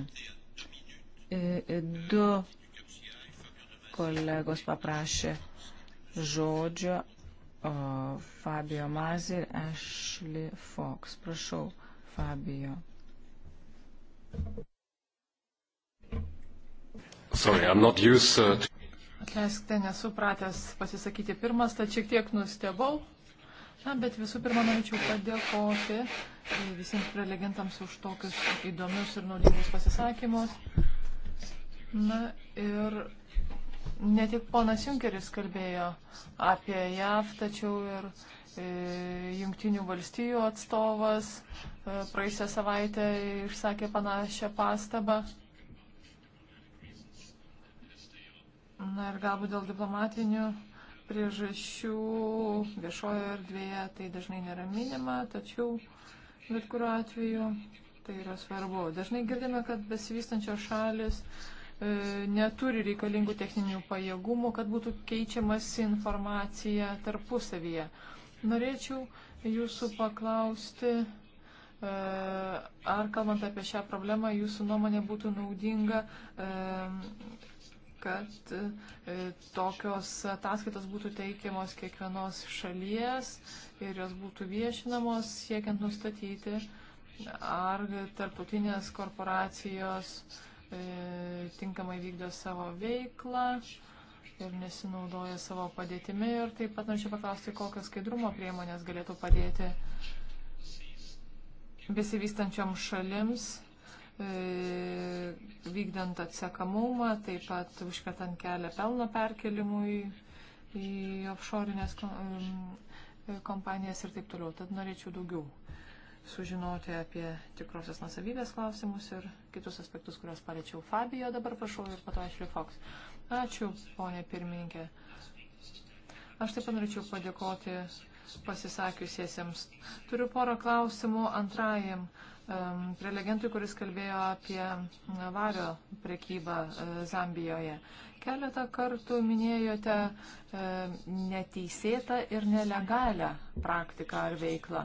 E, e, du kolegos paprašė žodžio Fabio Mazi ir Ashley Fox. Prašau, Fabio. Sorry, I'm not used uh, to... Atleiskite, nesu pratęs pasisakyti pirmas, tad šiek tiek nustebau. Na, bet visų pirma, norėčiau padėkoti visiems prelegentams už tokius įdomius ir naudingus pasisakymus. Na ir ne tik ponas Junkeris kalbėjo apie JAV, tačiau ir e, Junktinių valstijų atstovas e, praeisę savaitę išsakė panašią pastabą. Na ir galbūt dėl diplomatinių priežasčių viešojo erdvėje tai dažnai nėra minima, tačiau bet kuriuo atveju tai yra svarbu. Dažnai girdime, kad besivystančios šalis e, neturi reikalingų techninių pajėgumų, kad būtų keičiamasi informacija tarpusavyje. Norėčiau jūsų paklausti, e, ar kalbant apie šią problemą, jūsų nuomonė būtų naudinga e, kad e, tokios ataskaitos būtų teikiamos kiekvienos šalies ir jos būtų viešinamos siekiant nustatyti, ar tarptautinės korporacijos e, tinkamai vykdo savo veiklą ir nesinaudoja savo padėtimi. Ir taip pat norėčiau paklausti, kokios skaidrumo priemonės galėtų padėti besivystančiom šalims E, vykdant atsekamumą, taip pat užkvetant kelią pelno perkelimui į offshore'inės e, kompanijas ir taip toliau. Tad norėčiau daugiau sužinoti apie tikrosios nusavybės klausimus ir kitus aspektus, kuriuos paliečiau. Fabijo dabar prašau ir pato Ashley Fox. Ačiū, ponė pirmininkė. Aš taip pat norėčiau padėkoti pasisakiusiesiems. Turiu porą klausimų antrajam prelegentui, kuris kalbėjo apie vario prekybą e, Zambijoje. Keletą kartų minėjote e, neteisėtą ir nelegalią praktiką ar veiklą.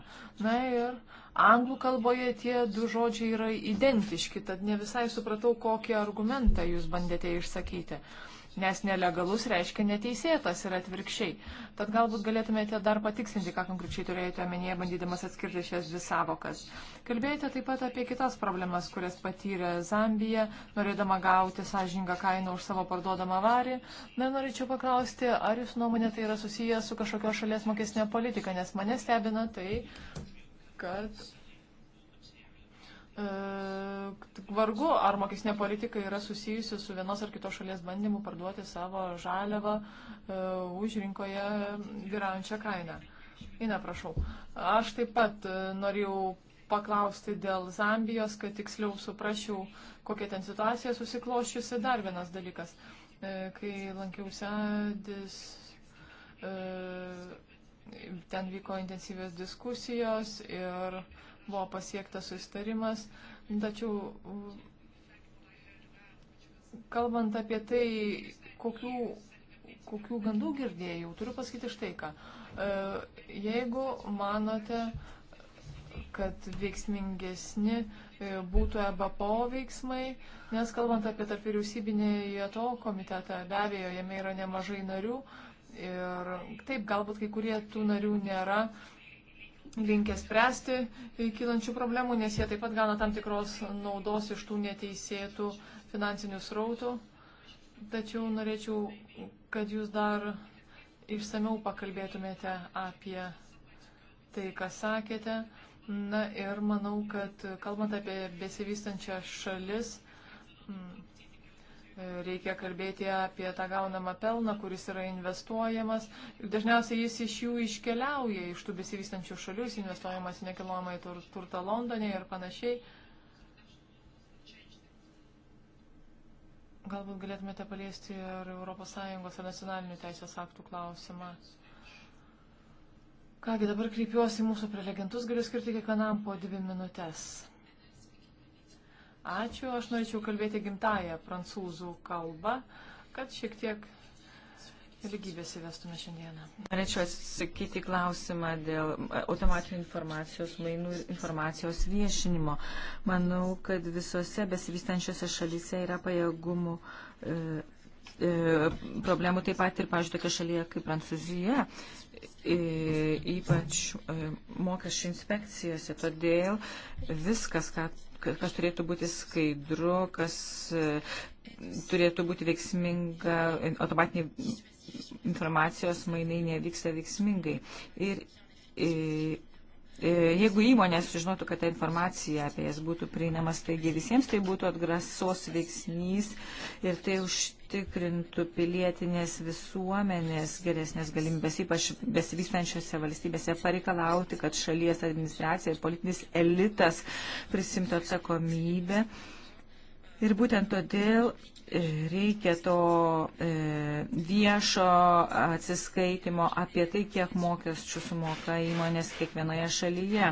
Na ir anglų kalboje tie du žodžiai yra identiški, tad ne visai supratau, kokį argumentą jūs bandėte išsakyti. Uh, nes nelegalus reiškia neteisėtas ir atvirkščiai. Tad galbūt galėtumėte dar patikslinti, ką konkrečiai turėjote omenyje, bandydamas atskirti šias dvi savokas. Kalbėjote taip pat apie kitas problemas, kurias patyrė Zambija, norėdama gauti sąžiningą kainą už savo parduodamą varį. Na, norėčiau paklausti, ar jūsų nuomonė tai yra susijęs su kažkokios šalies mokesnė politika, nes mane stebina tai, kad E, vargu ar mokesnė politika yra susijusi su vienos ar kitos šalies bandymu parduoti savo žaliavą e, už rinkoje vyraujančią kainą. Ina, prašau. Aš taip pat e, norėjau paklausti dėl Zambijos, kad tiksliau suprasčiau, kokia ten situacija susikloščiusi. Dar vienas dalykas. Kai lankiausi Adis, ten vyko intensyvios diskusijos ir uh, buvo pasiektas sustarimas, tačiau kalbant apie tai, kokių, kokių gandų girdėjau, turiu pasakyti štai ką. E, jeigu manote, kad veiksmingesni e, būtų EBPO veiksmai, nes kalbant apie tarp vyriausybinį JATO e komitetą, be abejo, jame yra nemažai narių ir taip galbūt kai kurie tų narių nėra linkę spręsti kylančių problemų, nes jie taip pat gana tam tikros naudos iš tų neteisėtų finansinių srautų. Tačiau norėčiau, kad jūs dar išsameu pakalbėtumėte apie tai, ką sakėte. Na ir manau, kad kalbant apie besivystančią šalis, m, Reikia kalbėti apie tą gaunamą pelną, kuris yra investuojamas. Ir dažniausiai jis iš jų iškeliauja, iš tų besivystančių šalių, jis investuojamas į nekilnojamą į turtą Londone ir panašiai. Galbūt galėtumėte paliesti ir ES ir nacionalinių teisės aktų klausimą. Kągi, dabar kreipiuosi mūsų prelegentus, galiu skirti kiekvienam po dvi minutės. Ačiū, aš norėčiau kalbėti gimtają prancūzų kalbą, kad šiek tiek lygybės įvestume šiandieną. Norėčiau atsakyti klausimą dėl e, automatinių informacijos mainų ir informacijos viešinimo. Manau, kad visose besivystančiose šalyse yra pajėgumų. E, e, problemų taip pat ir, pažiūrėjau, tokia šalyje kaip Prancūzija, e, ypač e, mokesčių inspekcijose. Todėl viskas, ką kas turėtų būti skaidru, kas e, turėtų būti veiksminga, automatiniai informacijos mainai nevyksta veiksmingai. Ir, ir e, E, jeigu įmonės žinotų, kad ta informacija apie jas būtų prieinama staigiai visiems, tai būtų atgrasos veiksnys ir tai užtikrintų pilietinės visuomenės geresnės galimybės, ypač besivystančiose valstybėse, pareikalauti, kad šalies administracija ir politinis elitas prisimtų atsakomybę Ir būtent todėl e, reikia to e, viešo atsiskaitimo apie tai, kiek mokesčių sumoka įmonės kiekvienoje šalyje.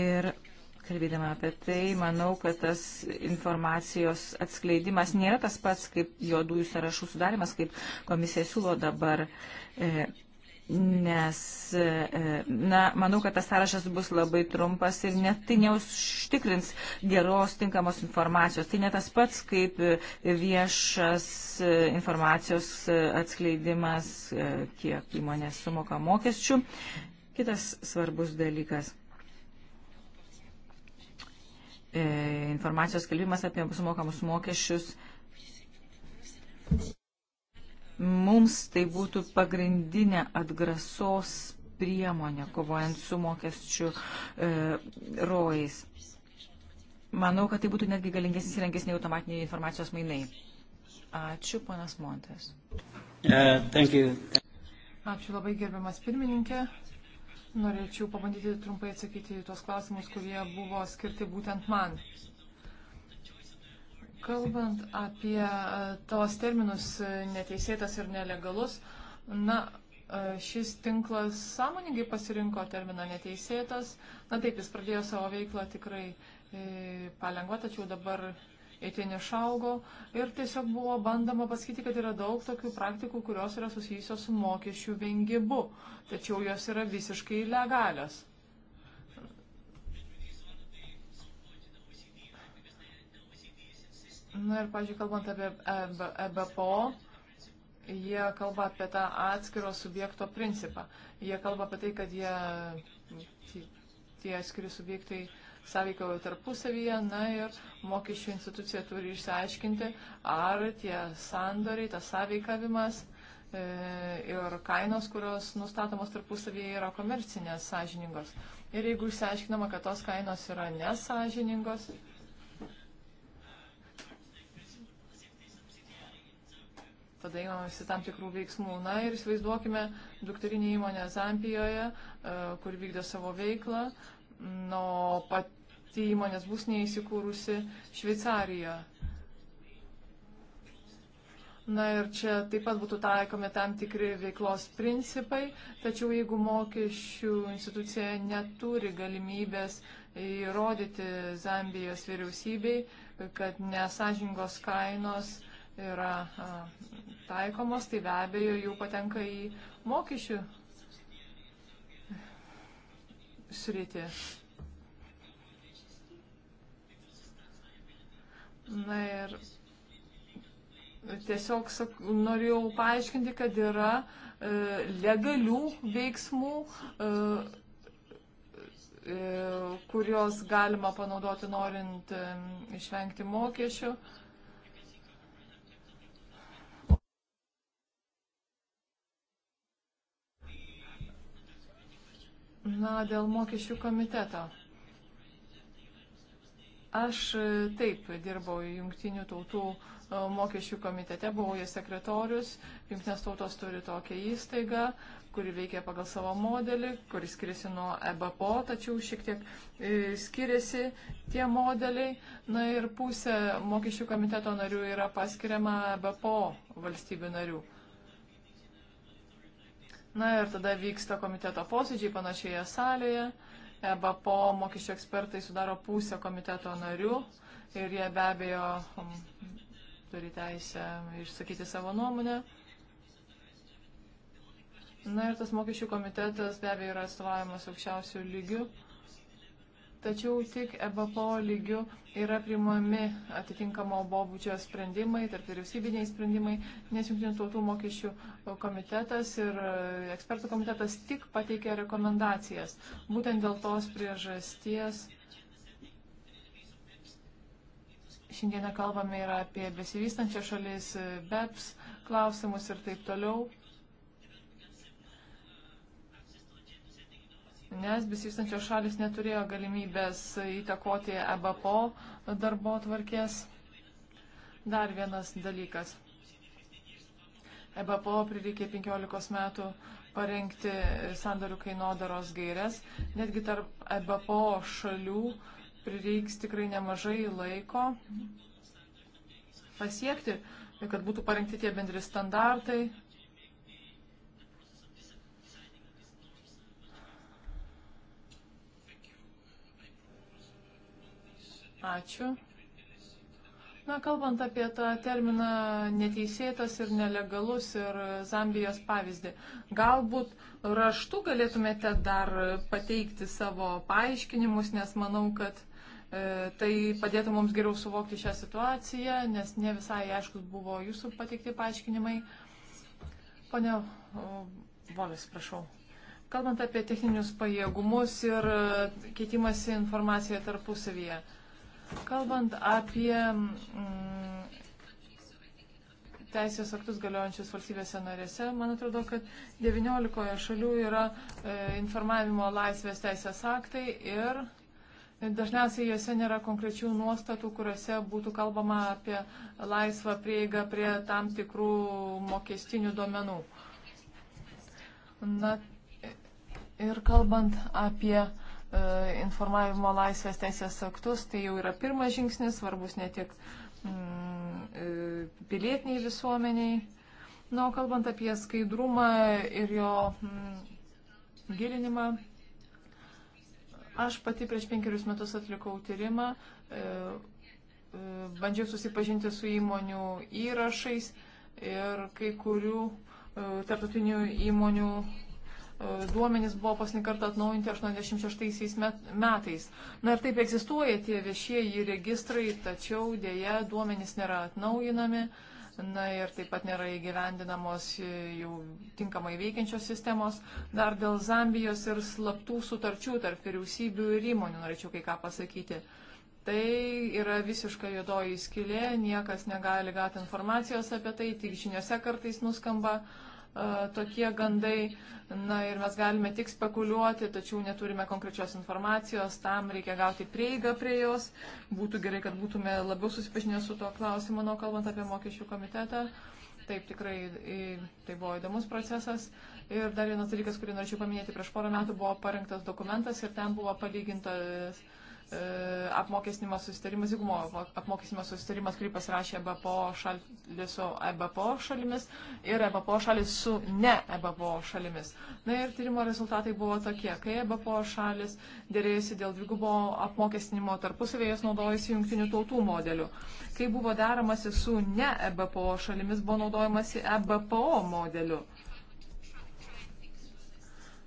Ir kalbėdama apie tai, manau, kad tas informacijos atskleidimas nėra tas pats kaip juodųjų sąrašų sudarimas, kaip komisija siūlo dabar. E, nes, e, na, manau, kad tas sąrašas bus labai trumpas ir net tai neužtikrins geros tinkamos informacijos. Tai ne tas pats, kaip e, viešas e, informacijos atskleidimas, kiek įmonės sumoka mokesčių. Kitas svarbus dalykas informacijos skelbimas apie sumokamus mokesčius Mums tai būtų pagrindinė atgrasos priemonė, kovojant su mokesčių e, rojais. Manau, kad tai būtų netgi galingesnis įrankis nei automatiniai informacijos mainai. Ačiū, panas Montes. Uh, Ačiū labai gerbiamas pirmininkė. Norėčiau pabandyti trumpai atsakyti į tuos klausimus, kurie buvo skirti būtent man. Uh, Kalbant apie e, tos terminus e, neteisėtas ir nelegalus, na, e, šis tinklas sąmoningai pasirinko terminą neteisėtas. Na taip, jis pradėjo savo veiklą tikrai palengva, tačiau dabar itin išaugo ir tiesiog buvo bandoma pasakyti, kad yra daug tokių praktikų, kurios yra susijusios su mokesčių vengimu, tačiau jos yra visiškai legalios. Na ir, pažiūrėjau, kalbant apie EBPO, e jie kalba apie tą atskiro subjekto principą. Jie kalba apie tai, kad jie, tie atskiri subjektai sąveikauja tarpusavyje, na ir mokesčių institucija turi išsiaiškinti, ar tie sandoriai, tas sąveikavimas e, ir kainos, kurios nustatomos tarpusavyje, yra komercinės sąžiningos. Ir jeigu išsiaiškinama, kad tos kainos yra nesažiningos, tada įmamasi tam tikrų veiksmų. Na ir įsivaizduokime dukterinį įmonę Zambijoje, e, kur vykdo savo veiklą, nuo pati įmonės bus neįsikūrusi Šveicarijoje. Na ir čia taip pat būtų taikomi tam tikri veiklos principai, tačiau jeigu mokesčių institucija neturi galimybės įrodyti Zambijos vyriausybei, kad nesažingos kainos uh, yra taikomos, tai be abejo jau patenka į mokesčių sritį. Na ir tiesiog sak, norėjau paaiškinti, kad yra e, legalių veiksmų, e, e, kurios galima panaudoti norint e, išvengti mokesčių. E, Na, dėl mokesčių komiteto. Aš e, taip dirbau Junktinių tautų e, mokesčių komitete, buvau jie sekretorius. Junktinės tautos turi tokią įstaigą, kuri veikia pagal savo modelį, kuris skiriasi nuo EBPO, tačiau šiek tiek e, skiriasi tie modeliai. Na ir pusė mokesčių komiteto narių yra paskiriama EBPO valstybių narių. Na ir tada vyksta komiteto posėdžiai panašioje salėje. EBPO mokesčių ekspertai sudaro pusę komiteto narių ir jie be abejo um, turi teisę išsakyti savo nuomonę. Na ir tas mokesčių komitetas be abejo yra atstovavimas aukščiausių lygių tačiau tik EBPO lygių yra primuami atitinkamo bobūdžio sprendimai, tarp vyriausybiniai sprendimai, nes Junktinių tautų mokesčių komitetas ir ekspertų komitetas tik pateikė rekomendacijas. Būtent dėl tos priežasties šiandieną kalbame ir apie besivystančią šalis, BEPS klausimus ir taip toliau. nes besivystančios šalis neturėjo galimybės įtakoti EBPO darbo tvarkės. Dar vienas dalykas. EBPO prireikė 15 metų parengti sandorių kainodaros gairias. Netgi tarp EBPO šalių prireiks tikrai nemažai laiko pasiekti, kad būtų parengti tie bendri standartai, Ačiū. Na, kalbant apie tą terminą neteisėtas ir nelegalus ir Zambijos pavyzdį, galbūt raštu galėtumėte dar pateikti savo paaiškinimus, nes manau, kad e, tai padėtų mums geriau suvokti šią situaciją, nes ne visai aiškus buvo jūsų pateikti paaiškinimai. Pone Volis, prašau. Kalbant apie techninius pajėgumus ir e, keitimąsi informaciją tarpusavyje. E, Kalbant apie mm, teisės aktus galiojančius valstybėse narėse, man atrodo, kad 19 šalių yra e, informavimo laisvės teisės aktai ir dažniausiai juose nėra konkrečių nuostatų, kuriuose būtų kalbama apie laisvą prieigą prie tam tikrų mokestinių duomenų. Na ir kalbant apie E, informavimo laisvės teisės aktus, tai jau yra pirmas žingsnis, svarbus ne tik mm, e, pilietiniai visuomeniai. Na, o kalbant apie skaidrumą ir jo mm, gilinimą, aš pati prieš penkerius metus atlikau tyrimą, e, e, bandžiau susipažinti su įmonių įrašais ir kai kurių e, tarptautinių įmonių E, duomenys buvo pasnį kartą atnaujinti 86 metais. Na ir taip egzistuoja tie viešieji registrai, tačiau dėja duomenys nėra atnaujinami. Na ir taip pat nėra įgyvendinamos e, jau tinkamai veikiančios sistemos. Dar dėl Zambijos ir slaptų sutarčių tarp vyriausybių ir įmonių norėčiau kai ką pasakyti. Tai yra visiška juodoji skilė, niekas negali gauti informacijos apie tai, tik žiniuose kartais nuskamba. Uh, tokie gandai. Na ir mes galime tik spekuliuoti, tačiau neturime konkrečios informacijos, tam reikia gauti prieigą prie jos. Būtų gerai, kad būtume labiau susipažinę su to klausimu, manau, kalbant apie mokesčių komitetą. Taip, tikrai tai buvo įdomus procesas. Ir dar vienas dalykas, kurį norėčiau paminėti, prieš porą metų buvo parengtas dokumentas ir ten buvo palygintas E, apmokestinimo susitarimas, įgumo apmokestinimo susitarimas, kurį pasirašė EBPO šalis su EBPO šalimis ir EBPO šalis su ne EBPO šalimis. Na ir tyrimo rezultatai buvo tokie, kai EBPO šalis dėrėjusi dėl dvigubo apmokestinimo tarpusavėje, jos naudojasi jungtinių tautų modeliu. Kai buvo deramasi su ne EBPO šalimis, buvo naudojamasi EBPO modeliu.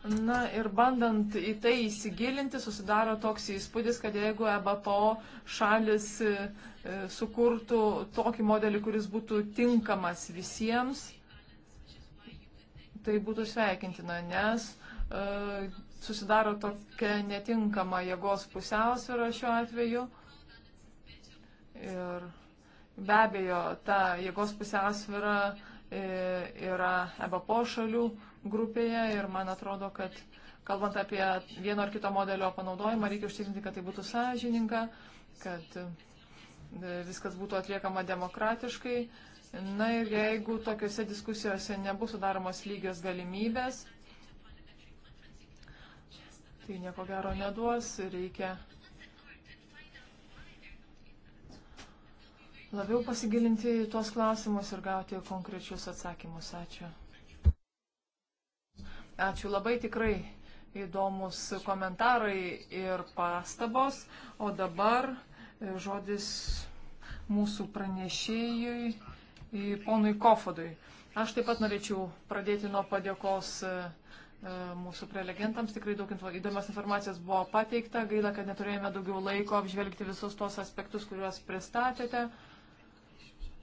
Na ir bandant į tai įsigilinti, susidaro toks įspūdis, kad jeigu EBPO šalis e, e, sukurtų tokį modelį, kuris būtų tinkamas visiems, tai būtų sveikintina, nes e, susidaro tokia netinkama jėgos pusiausvėra šiuo atveju. Ir be abejo, ta jėgos pusiausvėra e, yra EBPO šalių grupėje ir man atrodo, kad kalbant apie vieno ar kito modelio panaudojimą, reikia užtikrinti, kad tai būtų sąžininga, kad e, viskas būtų atliekama demokratiškai. Na ir jeigu tokiuose diskusijose nebus sudaromos lygios galimybės, tai nieko gero neduos, reikia labiau pasigilinti į tuos klausimus ir gauti konkrečius atsakymus. Ačiū. Ačiū labai tikrai įdomus komentarai ir pastabos. O dabar e, žodis mūsų pranešėjui, ponui Kofodui. Aš taip pat norėčiau pradėti nuo padėkos e, e, mūsų prelegentams. Tikrai daug įdomios informacijos buvo pateikta. Gaila, kad neturėjome daugiau laiko apžvelgti visus tos aspektus, kuriuos pristatėte.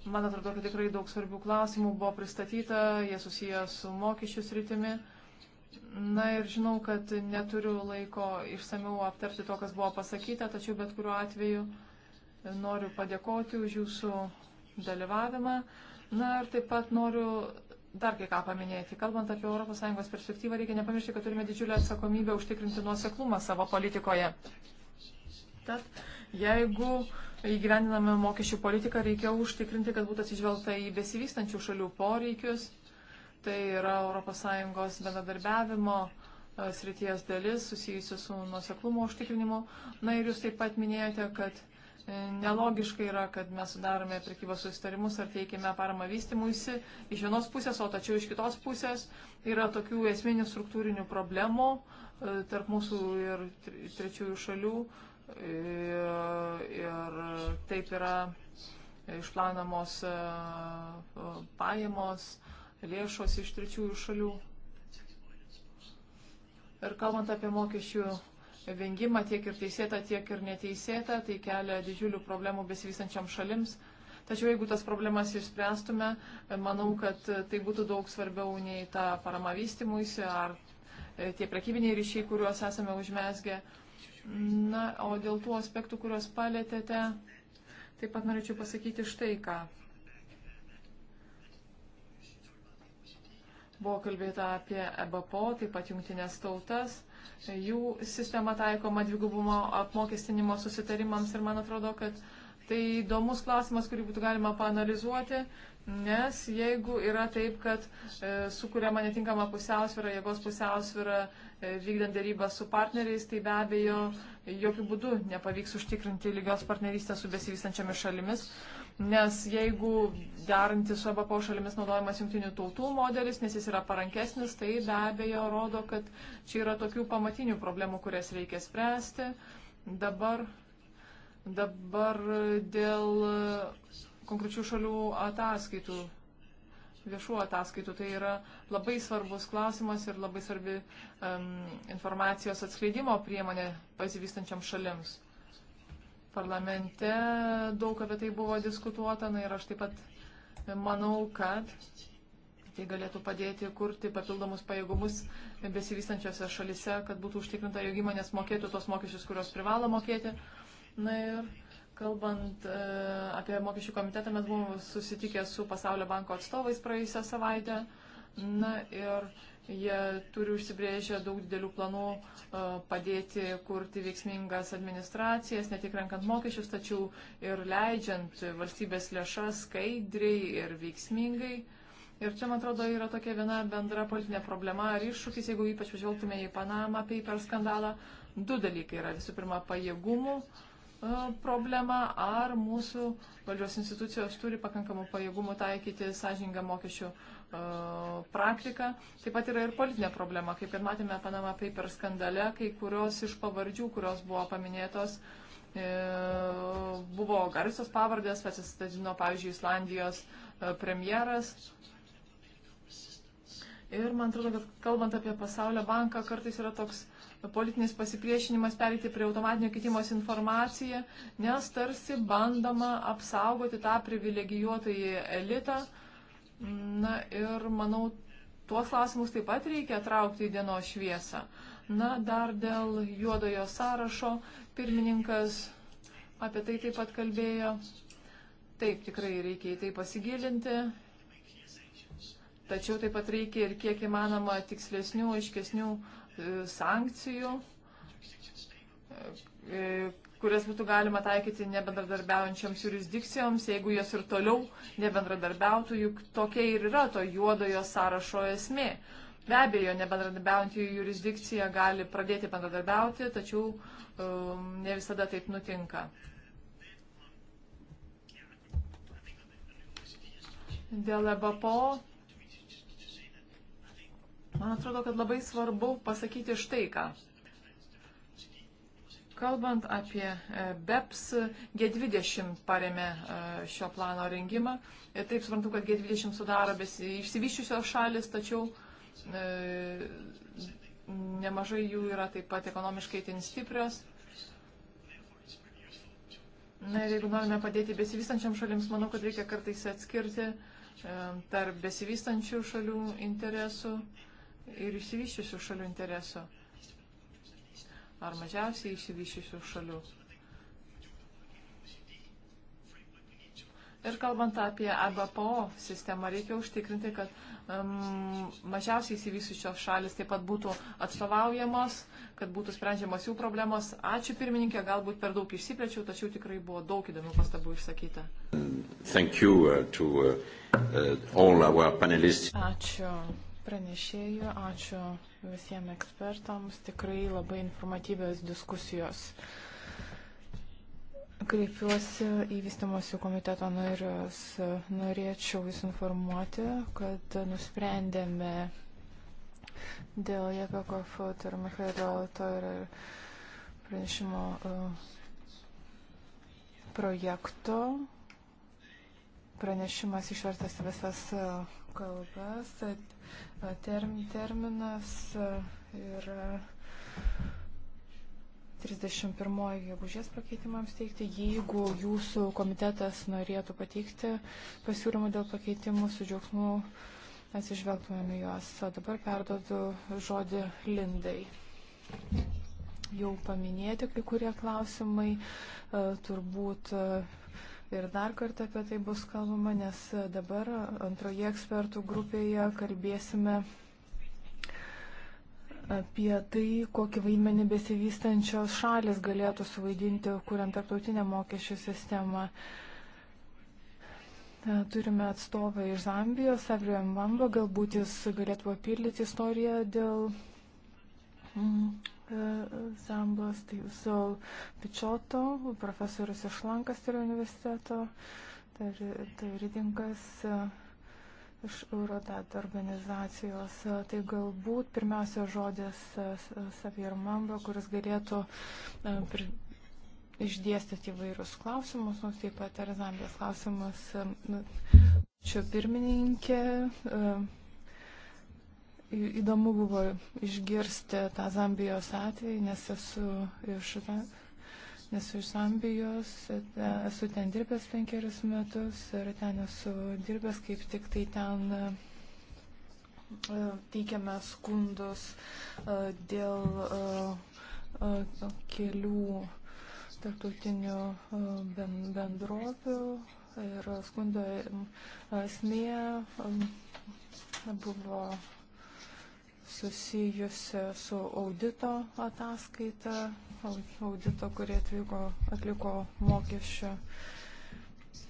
Man atrodo, kad tikrai daug svarbių klausimų buvo pristatyta. Jie susiję su mokesčių sritimi. Na ir žinau, kad neturiu laiko išsameu aptarti to, kas buvo pasakyta, tačiau bet kuriuo atveju noriu padėkoti už jūsų dalyvavimą. Na ir taip pat noriu dar kai ką paminėti. Kalbant apie ES perspektyvą, reikia nepamiršti, kad turime didžiulę atsakomybę užtikrinti nuoseklumą savo politikoje. Tad jeigu įgyvendiname mokesčių politiką, reikia užtikrinti, kad būtų atsižvelgta į besivystančių šalių poreikius. Tai yra ES bendradarbiavimo e, srities dalis susijusi su nuseklumo užtikrinimu. Na ir jūs taip pat minėjote, kad e, nelogiška yra, kad mes sudarome prekybos susitarimus ar teikiame paramą vystimuisi iš vienos pusės, o tačiau iš kitos pusės yra tokių esminių struktūrinių problemų e, tarp mūsų ir trečiųjų šalių. Ir taip yra išplanamos pajamos, lėšos iš trečiųjų šalių. Ir kalbant apie mokesčių vengimą tiek ir teisėtą, tiek ir neteisėtą, tai kelia didžiulių problemų besivystančiam šalims. Tačiau jeigu tas problemas išspręstume, manau, kad tai būtų daug svarbiau nei ta parama vystimuisi ar e, tie prekybiniai ryšiai, kuriuos esame užmesgę. Na, o dėl tų aspektų, kuriuos palėtėte, taip pat norėčiau pasakyti štai ką. Buvo kalbėta apie EBPO, taip pat jungtinės tautas, jų sistema taikoma dvigubumo apmokestinimo susitarimams ir man atrodo, kad tai įdomus klausimas, kurį būtų galima panalizuoti, nes jeigu yra taip, kad e, sukūriama netinkama pusiausvyrą, jėgos pusiausvyrą e, vykdant dėrybą su partneriais, tai be abejo jokių būdų nepavyks užtikrinti lygios partnerystės su besivystančiamis šalimis nes jeigu derantis su ABPO šalimis naudojamas jungtinių tautų modelis, nes jis yra parankesnis, tai be abejo rodo, kad čia yra tokių pamatinių problemų, kurias reikia spręsti. Dabar, dabar dėl konkrečių šalių ataskaitų, viešų ataskaitų. Tai yra labai svarbus klausimas ir labai svarbi um, informacijos atskleidimo priemonė pasivystančiam šalims. Parlamente daug apie tai buvo diskutuota na, ir aš taip pat manau, kad tai galėtų padėti kurti papildomus pajėgumus besivystančiose šalise, kad būtų užtikrinta, jog įmonės mokėtų tos mokesčius, kurios privalo mokėti. Na ir kalbant e, apie mokesčių komitetą, mes buvome susitikę su Pasaulio banko atstovais praėjusią savaitę. E, Na ir jie turi užsibrėžę daug didelių planų padėti kurti veiksmingas administracijas, ne tik renkant mokesčius, tačiau ir leidžiant valstybės lėšas skaidriai ir veiksmingai. Ir čia, man atrodo, yra tokia viena bendra politinė problema ar iššūkis, jeigu ypač pažvelgtume į Panamą Paper skandalą. Du dalykai yra visų pirma pajėgumų problema, ar mūsų valdžios institucijos turi pakankamų pajėgumų taikyti sąžiningą mokesčių uh, praktika. Taip pat yra ir politinė problema, kaip ir matėme Panama Paper skandale, kai kurios iš pavardžių, kurios buvo paminėtos, e, buvo garsios pavardės, atsistatino, pavyzdžiui, Islandijos e, premjeras. Ir man atrodo, kad kalbant apie pasaulio banką, kartais yra toks politinis pasipriešinimas pereiti prie automatinio kitimos informaciją, nes tarsi bandoma apsaugoti tą privilegijuotąjį elitą, uh, Na ir manau, tuos klausimus taip pat reikia traukti į dienos šviesą. Na, dar dėl juodojo sąrašo pirmininkas apie tai taip pat kalbėjo. Taip, tikrai reikia į tai pasigilinti. Tačiau taip pat reikia ir kiek įmanoma tikslesnių, aiškesnių e, sankcijų, e, kurias būtų galima taikyti nebendradarbiaujančioms jurisdikcijoms, jeigu jos ir toliau nebendradarbiautų, juk tokia ir yra to juodojo sąrašo esmė. Be abejo, nebendradarbiaujantį jurisdikcija gali pradėti bendradarbiauti, tačiau um, ne visada taip nutinka. Dėl EBPO Man atrodo, kad labai svarbu pasakyti štai ką. Kalbant apie e, BEPS, G20 paremė e, šio plano rengimą. Ir e, taip suprantu, kad G20 sudaro išsivyščiusios šalis, tačiau nemažai jų yra taip pat ekonomiškai tin stiprios. Na ir jeigu norime padėti besivystančiam šalims, manau, kad reikia kartais atskirti tarp besivystančių šalių interesų ir išsivyščiusių šalių interesų ar mažiausiai išsivyščiusių šalių. Ir kalbant apie ABPO sistemą, reikia užtikrinti, kad um, mažiausiai įsivysusios šalis taip pat būtų atstovaujamos, kad būtų sprendžiamos jų problemos. Ačiū pirmininkė, galbūt per daug išsiplėčiau, tačiau tikrai buvo daug įdomių pastabų išsakyta. Uh, to, uh, uh Ačiū pranešėjų, ačiū visiems ekspertams. Tikrai labai informatyvios diskusijos. Kreipiuosi į vystimosi komiteto narius. Norėčiau jūs informuoti, kad nusprendėme dėl Jepekov ir Michailo Toiro pranešimo e, projekto. Pranešimas išvertas visas e, kalbas term, terminas yra 31 gegužės pakeitimams teikti. Jeigu jūsų komitetas norėtų pateikti pasiūlymų dėl pakeitimų, su džiaugsmu atsižvelgtumėme juos. O dabar perdodu žodį Lindai. Jau paminėti kai kurie klausimai, turbūt Ir dar kartą apie tai bus kalbama, nes dabar antroje ekspertų grupėje kalbėsime apie tai, kokį vaidmenį besivystančios šalis galėtų suvaidinti, kuriant tarptautinę mokesčių sistemą. Turime atstovą iš Zambijos, Avrio Mbamba, galbūt jis galėtų papildyti istoriją dėl mm, Zambos, e, tai Zol Pičioto, profesorius iš Lankasterio universiteto, tai, tai Ridinkas e, iš Eurodat organizacijos. E, tai galbūt pirmiausia žodis Savir Mamba, kuris galėtų pir, išdėstyti įvairius klausimus, mums taip pat ir Zambijos klausimus. Nu, čia pirmininkė. Uh, įdomu buvo išgirsti tą Zambijos atvejį, nes esu iš, nes iš Zambijos, esu ten dirbęs penkerius metus ir ten esu dirbęs kaip tik tai ten e, teikiame skundus e, dėl e, kelių tarptautinių bendrovių ir skundo esmė buvo susijusi su audito ataskaita, audito, kurie atvyko, atliko mokesčio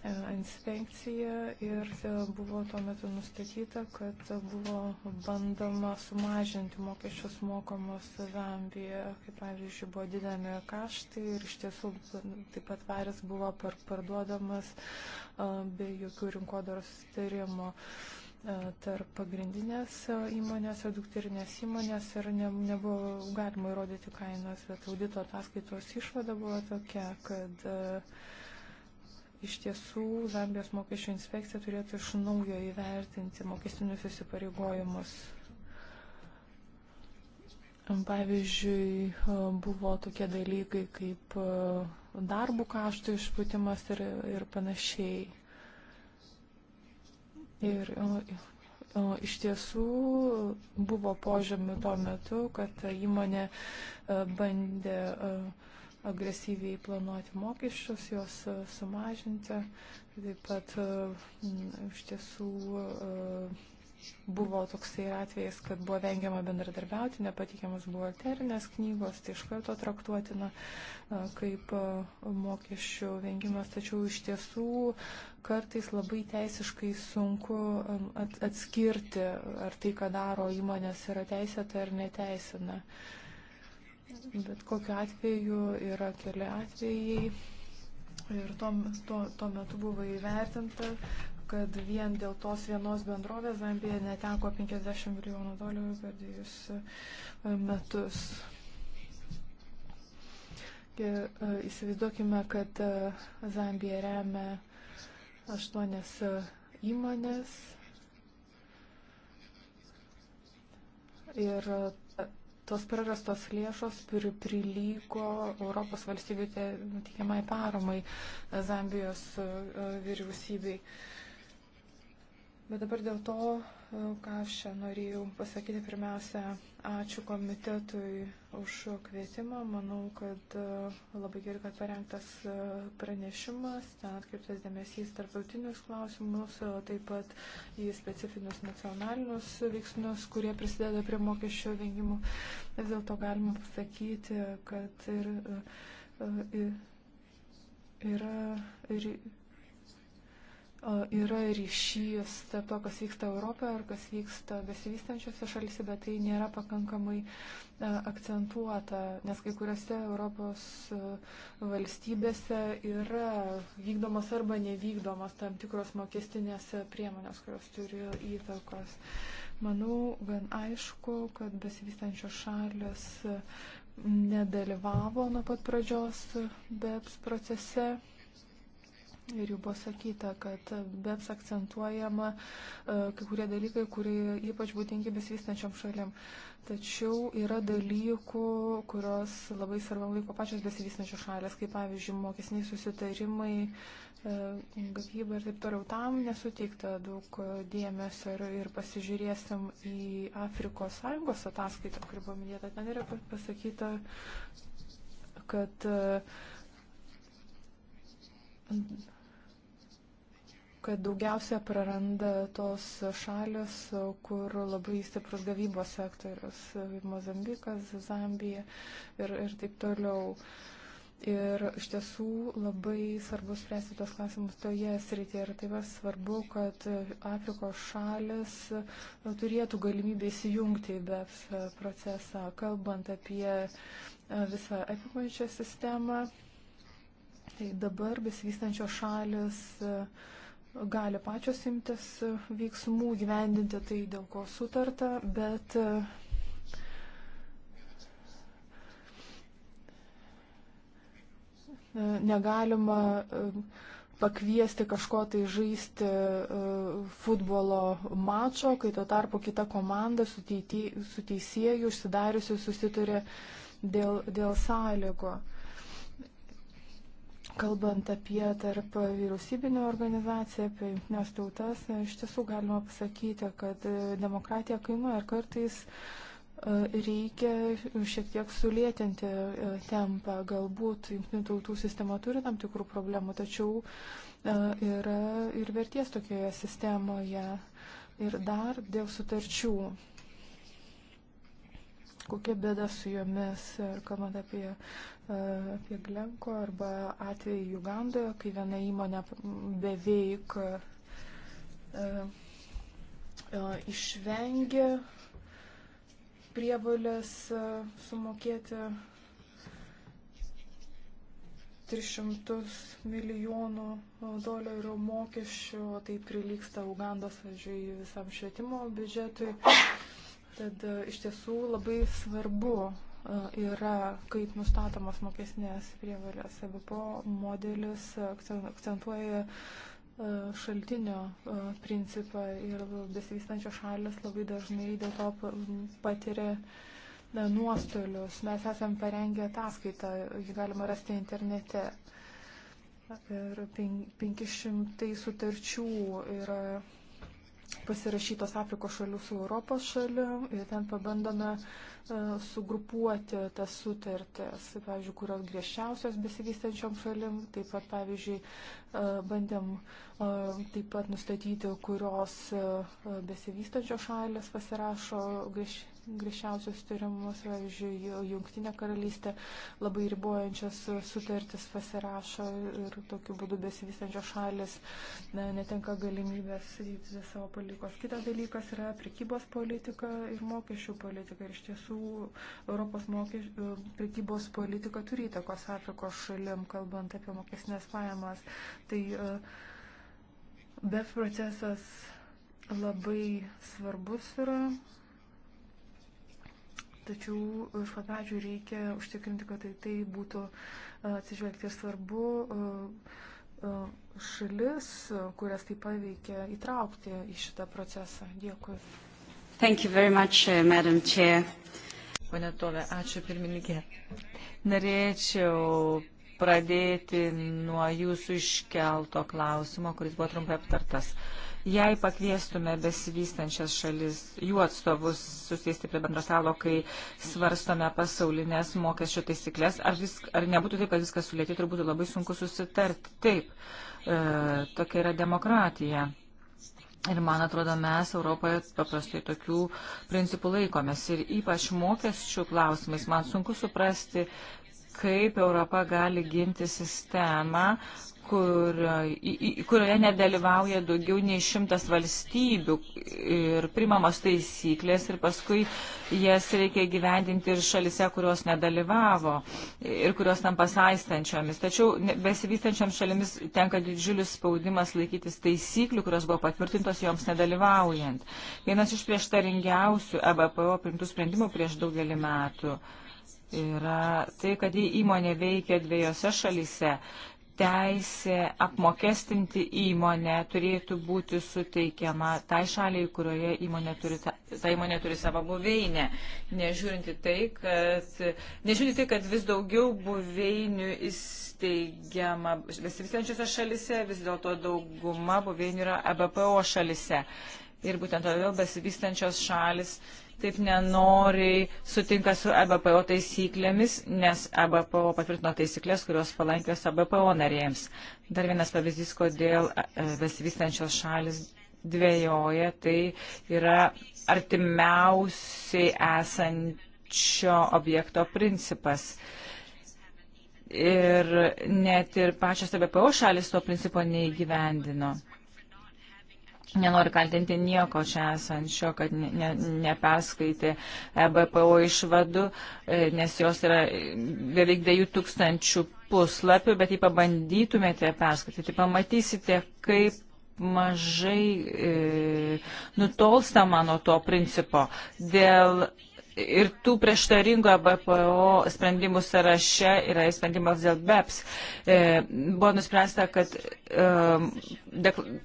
e, inspekcija ir e, buvo tuo metu nustatyta, kad buvo bandoma sumažinti mokesčius mokamos Zambijoje, kaip pavyzdžiui, buvo didami kaštai ir iš tiesų taip pat varis buvo par parduodamas e, be jokių rinkodaros tyrimo. Uh, E, tarp pagrindinės įmonės ir dukterinės įmonės ir ne, nebuvo galima įrodyti kainos, bet audito ataskaitos išvada buvo tokia, kad e, iš tiesų Zambijos mokesčių inspekcija turėtų iš naujo įvertinti mokestinius įsipareigojimus. Pavyzdžiui, e, buvo tokie dalykai kaip darbų kaštų išpūtimas ir, ir panašiai. Ir iš tiesų buvo požymių tuo metu, kad įmonė e, bandė e, agresyviai planuoti mokesčius, juos e, sumažinti. Taip pat iš tiesų Buvo toksai atvejis, kad buvo vengiama bendradarbiauti, nepatikiamas buvo alternės knygos, tai iš karto traktuotina kaip mokesčių vengimas, tačiau iš tiesų kartais labai teisiškai sunku atskirti, ar tai, ką daro įmonės, yra teisėta ar neteisina. Bet kokiu atveju yra keli atvejai. Ir tuo, tuo, tuo metu buvo įvertinta, kad vien dėl tos vienos bendrovės Zambija neteko 50 milijonų dolerių per dviejus e, metus. E, įsivaizduokime, kad e, Zambija remia aštuonias įmonės ir tos prarastos lėšos prilygo Europos valstybių teikiamai paramai Zambijos vyriausybei. Uh, Bet dabar dėl to, e, ką aš čia norėjau pasakyti, pirmiausia, ačiū komitetui už kvietimą. Manau, kad e, labai gerai, kad parengtas e, pranešimas, ten atkreiptas dėmesys tarptautinius klausimus, taip pat į specifinius nacionalinius veiksmus, kurie prisideda prie mokesčio vengimo. Vis dėlto galima pasakyti, kad ir, ir, yra. Ir, ir yra ryšys tarp to, kas vyksta Europoje ir kas vyksta besivystančiose šalise, bet tai nėra pakankamai e, akcentuota, nes kai kuriuose Europos e, valstybėse yra vykdomas arba nevykdomas tam tikros mokestinės priemonės, kurios turi įtakos. Manau, gan aišku, kad besivystančios šalis nedalyvavo nuo pat pradžios BEPS procese Ir jau buvo sakyta, kad BEPS akcentuojama e, kai kurie dalykai, kurie ypač būdingi besivystančiom šalim. Tačiau yra dalykų, kurios labai svarbu laiko pačios besivystančios šalės, kaip pavyzdžiui mokesniai susitarimai, e, gavyba ir taip toliau. Tam nesuteikta daug dėmesio ir, ir pasižiūrėsim į Afrikos Sąjungos ataskaitą, kuri buvo minėta. Ten yra pasakyta, kad. Uh, kad daugiausia praranda tos šalis, kur labai stiprus gavybos sektorius, kaip Mozambikas, Zambija ir, ir taip toliau. Ir iš tiesų labai svarbu spręsti tos klausimus toje srityje. Ir taip pat svarbu, kad Afrikos šalis nu, turėtų galimybę įsijungti į BEPS procesą, kalbant apie visą apimančią sistemą. Tai dabar besivystančios šalis. Uh, gali pačios imtis e, veiksmų, gyvendinti tai, dėl ko sutarta, bet e, e, negalima pakviesti kažko tai žaisti futbolo mačo, kai tuo tarpu kita komanda su, teitė, su teisėjų užsidariusiu susiturė dėl, dėl sąlygo. Kalbant apie tarp vyriausybinio organizaciją, apie jungtinės tautas, iš tiesų galima pasakyti, kad e, demokratija kainuoja ir kartais e, reikia šiek tiek sulėtinti e, tempą. Galbūt jungtinių tautų sistema turi tam tikrų problemų, tačiau yra ir verties tokioje sistemoje. Ir dar dėl sutarčių kokia bėda su jomis, ir kalbant apie E, apie Glenko arba atvejį Ugandoje, kai viena įmonė beveik e, e, išvengė prievalės sumokėti 300 milijonų dolerių mokesčių, tai prilyksta Ugandos, važiuoju, visam švietimo biudžetui. Tad iš tiesų labai svarbu E, yra, kaip nustatomos mokesnės prievalės. EBPO modelis akcentuoja e, šaltinio e, principą ir besivystančios šalis labai dažnai dėl to patiria nuostolius. Mes esam parengę ataskaitą, jį galima rasti internete. Ir 500 sutarčių yra pasirašytos Afrikos šalių su Europos šaliu ir ten pabandome e, sugrupuoti tas sutartis, pavyzdžiui, kurios griežčiausios besivystančiom šalim, taip pat, pavyzdžiui, e, bandėm e, taip pat nustatyti, kurios besivystančios šalės pasirašo griežčiausios grįžčiausius tyrimus, pavyzdžiui, Junktinė karalystė labai ribojančias sutartis pasirašo ir tokiu būdu besivystančios šalis ne, netenka galimybės vykdyti savo palikos. Kitas dalykas yra prekybos politika ir mokesčių politika. Ir iš tiesų Europos mokeš... E, prekybos politika turi įtakos Afrikos šalim, kalbant apie mokesnės pajamas. Tai e, BEF procesas labai svarbus yra Tačiau iš pat pradžių reikia užtikrinti, kad tai, tai būtų e, atsižvelgti svarbu e, e, šalis, kurias tai paveikia, įtraukti į šitą procesą. Dėkui. Thank you very much, uh, Madam Chair. Pane Tove, ačiū pirmininkė. Norėčiau pradėti nuo jūsų iškelto klausimo, kuris buvo trumpai aptartas. Uh, Jei pakviestume besivystančias šalis, jų atstovus susėsti prie bendro stalo, kai svarstome pasaulinės mokesčio taisyklės, ar, vis, ar nebūtų taip, kad viskas sulėtėtų ir būtų labai sunku susitarti? Taip, e, tokia yra demokratija. Ir man atrodo, mes Europoje paprastai tokių principų laikomės. Ir ypač mokesčių klausimais man sunku suprasti, kaip Europa gali ginti sistemą, kur, kurioje nedalyvauja daugiau nei šimtas valstybių ir primamos taisyklės ir paskui jas reikia gyvendinti ir šalise, kurios nedalyvavo ir kurios tam pasaistančiomis. Tačiau besivystančiam šalimis tenka didžiulis spaudimas laikytis taisyklių, kurios buvo patvirtintos joms nedalyvaujant. Vienas iš prieštaringiausių EBPO primtų sprendimų prieš daugelį metų yra tai, kad jei įmonė veikia dviejose šalyse teisė apmokestinti įmonę turėtų būti suteikiama tai šaliai, kurioje įmonė turi, ta, ta įmonė turi savo buveinę. Nežiūrinti tai, kad, nežiūrinti tai, kad vis daugiau buveinių įsteigiama besivystančiose šalise, vis dėlto dauguma buveinių yra ABPO šalise. Ir būtent todėl besivystančios šalis taip nenoriai sutinka su EBPO taisyklėmis, nes EBPO patvirtino taisyklės, kurios palankios EBPO narėjams. Dar vienas pavyzdys, kodėl e, besivystančios šalis dvėjoja, tai yra artimiausiai esančio objekto principas. Ir net ir pačios EBPO šalis to principo neįgyvendino. Nenoriu kaltinti nieko čia esančio, kad ne, neperskaitė EBPO išvadų, e, nes jos yra beveik 2000 puslapių, bet jei pabandytumėte perskaityti, pamatysite, kaip mažai e, nutolstama nuo to principo. Dėl ir tų prieštaringo e BPO sprendimų sąraše yra sprendimas dėl BEPS. E, buvo nuspręsta, kad e, dekla,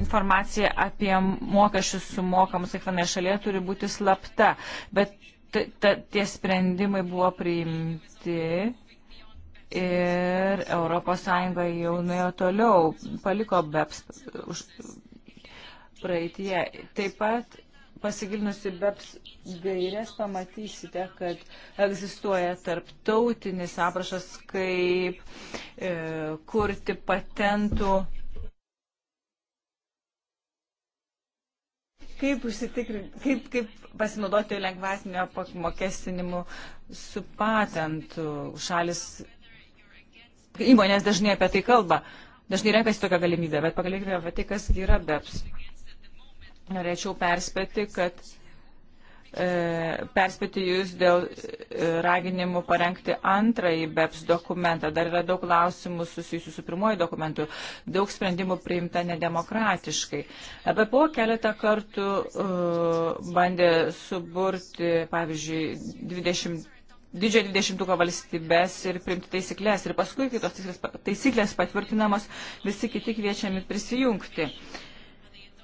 informacija apie mokesčius sumokamus kiekvienoje šalyje turi būti slapta, bet t, t, tie sprendimai buvo priimti ir ES jau nuėjo toliau, paliko BEPS už praeitie. Taip pat pasigilinusi BEPS gairias pamatysite, kad egzistuoja tarptautinis aprašas, kaip e, kurti patentų kaip, kaip, kaip pasinaudoti lengvatinio apmokestinimu su patentu. Šalis, įmonės dažnai apie tai kalba, dažnai renkasi tokią galimybę, bet pakalbėkime apie tai, kas yra BEPS. Norėčiau perspėti, kad E, perspėti jūs dėl e, raginimų parengti antrąjį BEPS dokumentą. Dar yra daug klausimų susijusių su pirmoji dokumentu. Daug sprendimų priimta nedemokratiškai. EBPO keletą kartų uh, bandė suburti, pavyzdžiui, 20 didžiojo dvidešimtuko valstybės ir priimti taisyklės. Ir paskui, kai tos taisyklės patvirtinamos, visi kiti kviečiami prisijungti.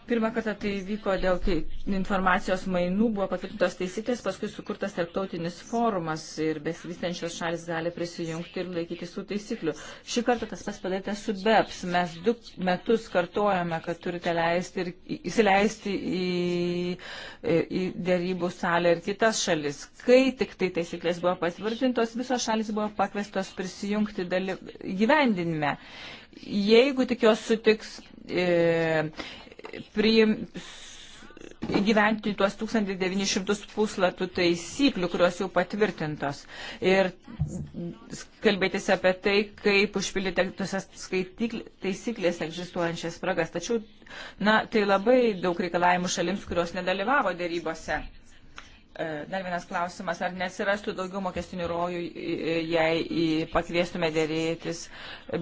Pirmą kartą tai vyko dėl tai informacijos mainų, buvo patvirtintos taisyklės, paskui sukurtas tarptautinis forumas ir besivystančios šalis gali prisijungti ir laikyti tų taisyklių. Šį kartą tas pas padaryta su BEPS. Mes du metus kartojame, kad turite leisti ir įsileisti į, į dėrybų salę ir kitas šalis. Kai tik tai taisyklės buvo patvirtintos, visos šalis buvo pakvestos prisijungti daly... gyvendinime jeigu tik jos sutiks e, priim, įgyventi tuos 1900 puslapių taisyklių, kurios jau patvirtintos. Ir kalbėtis apie tai, kaip užpildyti tose taisyklėse egzistuojančias spragas. Tačiau, na, tai labai daug reikalavimų šalims, kurios nedalyvavo dėrybose. E, dar vienas klausimas, ar nesirastų daugiau mokestinių rojų, jei pakviestume dėrėtis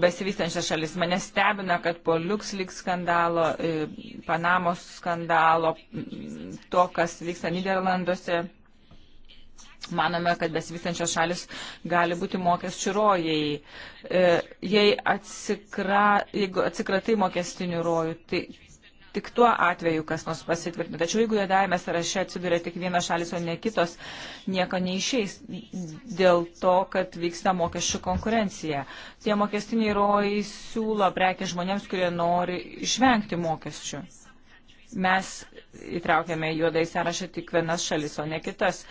besivystančias šalis? Mane stebina, kad po LuxLeak skandalo, e, Panamos skandalo, to, kas vyksta Niderlanduose, manome, kad besivystančios šalis gali būti mokesčių rojai. E, jei atsikra, atsikratai mokestinių rojų, tai tik tuo atveju kas nors pasitvirtina. Tačiau jeigu juodajame sąraše atsiduria tik vienas šalis, o ne kitos, nieko neišeis dėl to, kad vyksta mokesčių konkurencija. Tie mokestiniai rojai siūlo prekį žmonėms, kurie nori išvengti mokesčių. Mes įtraukėme juodai sąrašą tik vienas šalis, o ne kitas.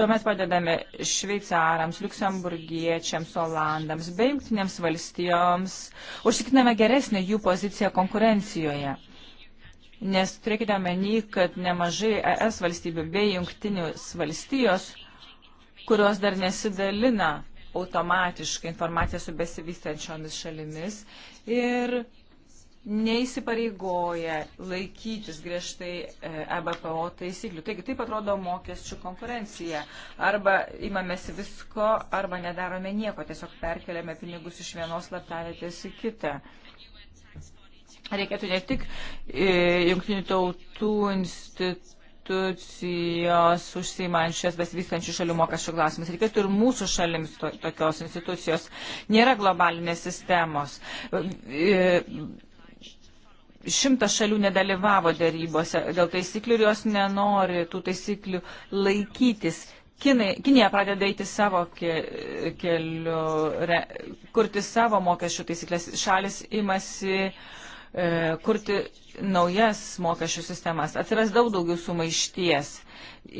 Tuomet padedame šveicarams, liuksemburgiečiams, olandams bei jungtinėms valstijoms. Užsikriname geresnę jų poziciją konkurencijoje. Nes turėkite meni, kad nemažai ES valstybių bei jungtinės valstijos, kurios dar nesidalina automatiškai informaciją su besivystančiomis šalimis ir neįsipareigoja laikytis griežtai EBPO e taisyklių. Taigi taip atrodo mokesčių konkurencija. Arba imamės visko, arba nedarome nieko, tiesiog perkeliame pinigus iš vienos laptavietės į kitą. Uh, reikėtų ne tik e, jungtinių tautų institucijos užsiimančios besivystančių šalių mokesčių klausimus, reikėtų ir mūsų šalims to, tokios institucijos. Nėra globalinės sistemos. E, šimtas šalių nedalyvavo dėrybose dėl taisyklių ir jos nenori tų taisyklių laikytis. Kinai, Kinija pradeda eiti savo ke, keliu, re, kurti savo mokesčių taisyklės. Šalis imasi uh, E, kurti naujas mokesčių sistemas. Atsiras daug daugiau sumaišties,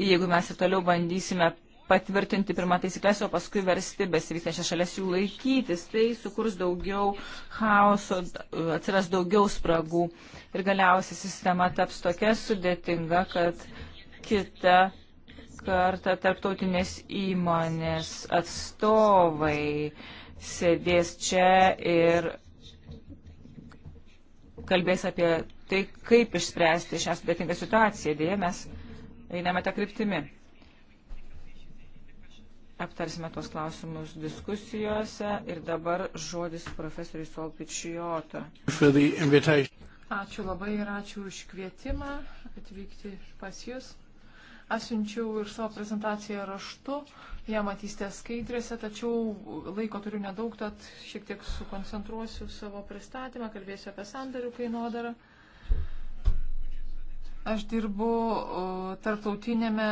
jeigu mes ir toliau bandysime patvirtinti pirmą taisyklės, o paskui versti besivystančias šalias jų laikytis. Tai sukurs daugiau chaoso, atsiras daugiau spragų ir galiausiai sistema taps tokia sudėtinga, kad kita kartą tarptautinės įmonės atstovai sėdės čia ir kalbės apie tai, kaip išspręsti šią sudėtingą situaciją. Dėja, mes einame tą kryptimį. Aptarsime tos klausimus diskusijose ir dabar žodis profesoriui Solpičijoto. Ačiū labai ir ačiū už kvietimą atvykti pas Jūs. Aš siunčiau ir savo prezentaciją raštu, ją matysite skaidrėse, tačiau laiko turiu nedaug, tad šiek tiek sukoncentruosiu savo pristatymą, kalbėsiu apie sandarių kainodarą. Aš dirbu tarptautinėme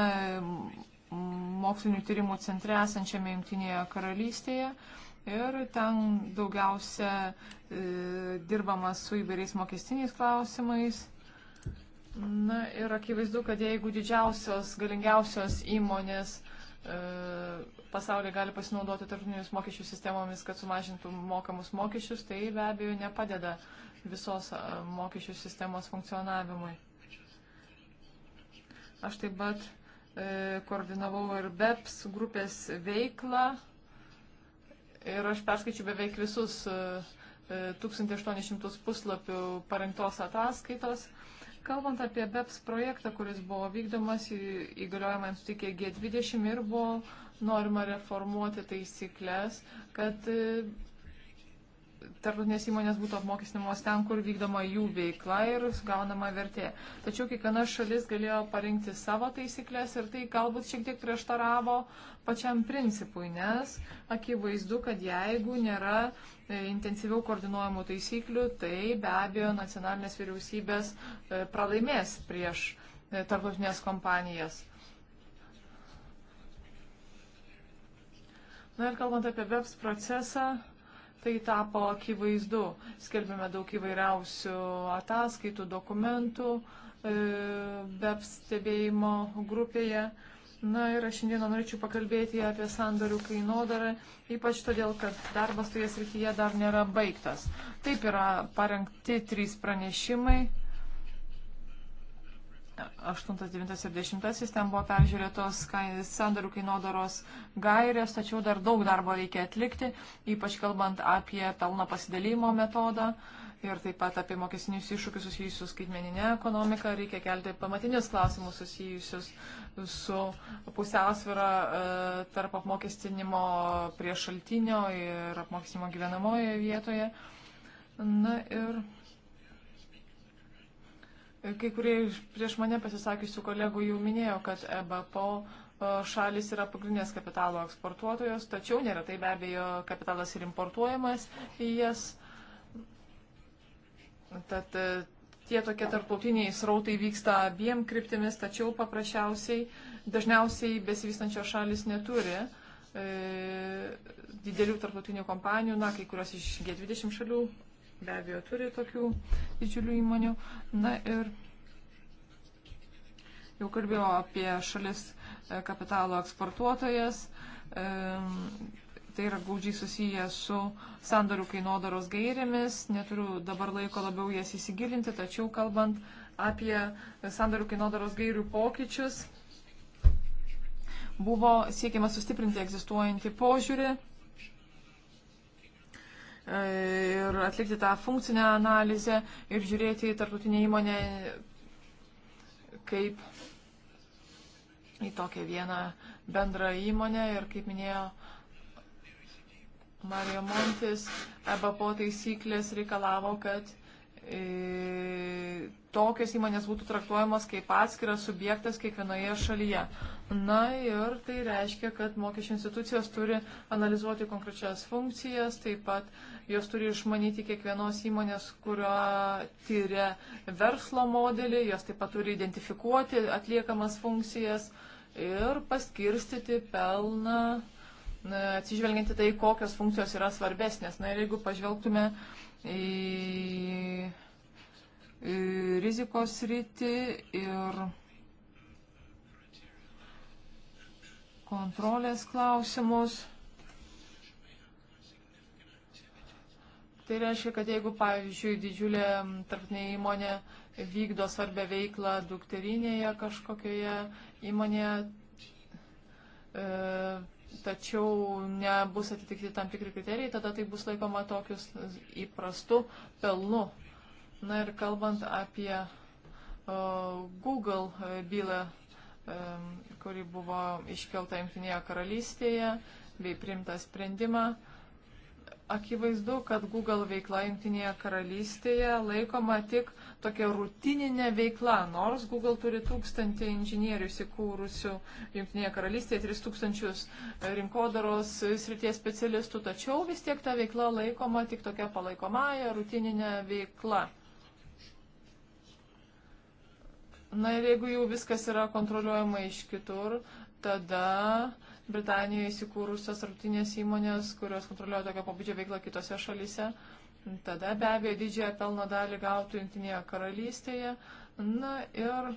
mokslinių tyrimų centre esančiame Junktinėje karalystėje ir ten daugiausia e, dirbama su įvairiais mokestiniais klausimais. Na ir akivaizdu, kad jeigu didžiausios, galingiausios įmonės e, pasaulyje gali pasinaudoti tarptautinėmis mokesčių sistemomis, kad sumažintų mokamus mokesčius, tai be abejo nepadeda visos e, mokesčių sistemos funkcionavimui. Aš taip pat e, koordinavau ir BEPS grupės veiklą ir aš perskaičiu beveik visus e, 1800 e, puslapių parengtos ataskaitos. E, Kalbant apie BEPS projektą, kuris buvo vykdomas, įgaliojimams tikė G20 ir buvo norima reformuoti taisyklės, kad e, tarptautinės įmonės būtų apmokestinamos ten, kur vykdoma jų veikla ir gaunama vertė. Tačiau kiekviena šalis galėjo parinkti savo taisyklės ir tai galbūt šiek tiek prieštaravo pačiam principui, nes akivaizdu, kad jeigu nėra e, intensyviau koordinuojamų taisyklių, tai be abejo nacionalinės vyriausybės e, pralaimės prieš e, tarptautinės kompanijas. Na ir kalbant apie BEPS procesą, tai tapo akivaizdu. Skelbėme daug įvairiausių ataskaitų, dokumentų e, BEP stebėjimo grupėje. Na ir aš šiandieną norėčiau pakalbėti apie sandorių kainodarą, ypač todėl, kad darbas toje srityje dar nėra baigtas. Taip yra parengti trys pranešimai 8, 9 ir 10 ten buvo peržiūrėtos sandorių kainodaros gairės, tačiau dar daug darbo reikia atlikti, ypač kalbant apie pelno pasidalymo metodą ir taip pat apie mokesinius iššūkius susijusius skaitmeninę ekonomiką. Reikia kelti pamatinius klausimus susijusius su pusiausvėra e, tarp apmokestinimo prie šaltinio ir apmokestinimo gyvenamojoje vietoje. Na ir Kai kurie prieš mane pasisakysių kolegų jau minėjo, kad EBPO e, šalis yra pagrindinės kapitalo eksportuotojos, tačiau neretai be abejo kapitalas ir importuojamas į jas. Tad e, tie tokie tarptautiniai srautai vyksta abiem kryptimis, tačiau paprasčiausiai dažniausiai besivystančios šalis neturi e, didelių tarptautinių kompanijų, na, kai kurios iš G20 šalių be abejo turi tokių didžiulių įmonių. Na ir jau kalbėjau apie šalis e, kapitalo eksportuotojas. E, tai yra gaudžiai susiję su sandorių kainodaros gairėmis. Neturiu dabar laiko labiau jas įsigilinti, tačiau kalbant apie sandorių kainodaros gairių pokyčius, buvo siekiama sustiprinti egzistuojantį požiūrį ir atlikti tą funkcinę analizę ir žiūrėti į tarptautinę įmonę kaip į tokią vieną bendrą įmonę ir kaip minėjo Mario Montis, EBPO taisyklės reikalavo, kad E, tokios įmonės būtų traktuojamos kaip atskiras subjektas kiekvienoje šalyje. Na ir tai reiškia, kad mokesčių institucijos turi analizuoti konkrečias funkcijas, taip pat jos turi išmanyti kiekvienos įmonės, kurio tyria verslo modelį, jos taip pat turi identifikuoti atliekamas funkcijas ir paskirstyti pelną e, atsižvelginti tai, kokios funkcijos yra svarbesnės. Na ir jeigu pažvelgtume uh, į, į rizikos rytį ir kontrolės klausimus. Tai reiškia, kad jeigu, pavyzdžiui, didžiulė tarptautinė įmonė vykdo svarbę veiklą dukterinėje kažkokioje įmonėje, e, tačiau nebus atitikti tam tikri kriterijai, tada tai bus laikoma tokius įprastu pelnu. Na ir kalbant apie e, Google e, bylą, e, kuri buvo iškelta Junktinėje karalystėje bei primtą sprendimą. Akivaizdu, kad Google veikla Junktinėje karalystėje laikoma tik tokia rutininė veikla, nors Google turi tūkstantį inžinierių įsikūrusių Junktinėje karalystėje, 3000 rinkodaros srities specialistų, tačiau vis tiek ta veikla laikoma tik tokia palaikomąją rutininė veikla. Na ir jeigu jau viskas yra kontroliuojama iš kitur, tada Britanijoje įsikūrusios rutinės įmonės, kurios kontroliuoja tokią pabudžią veiklą kitose šalyse, uh, Tada be abejo didžiąją pelno dalį gautų Junktinėje karalystėje. Na ir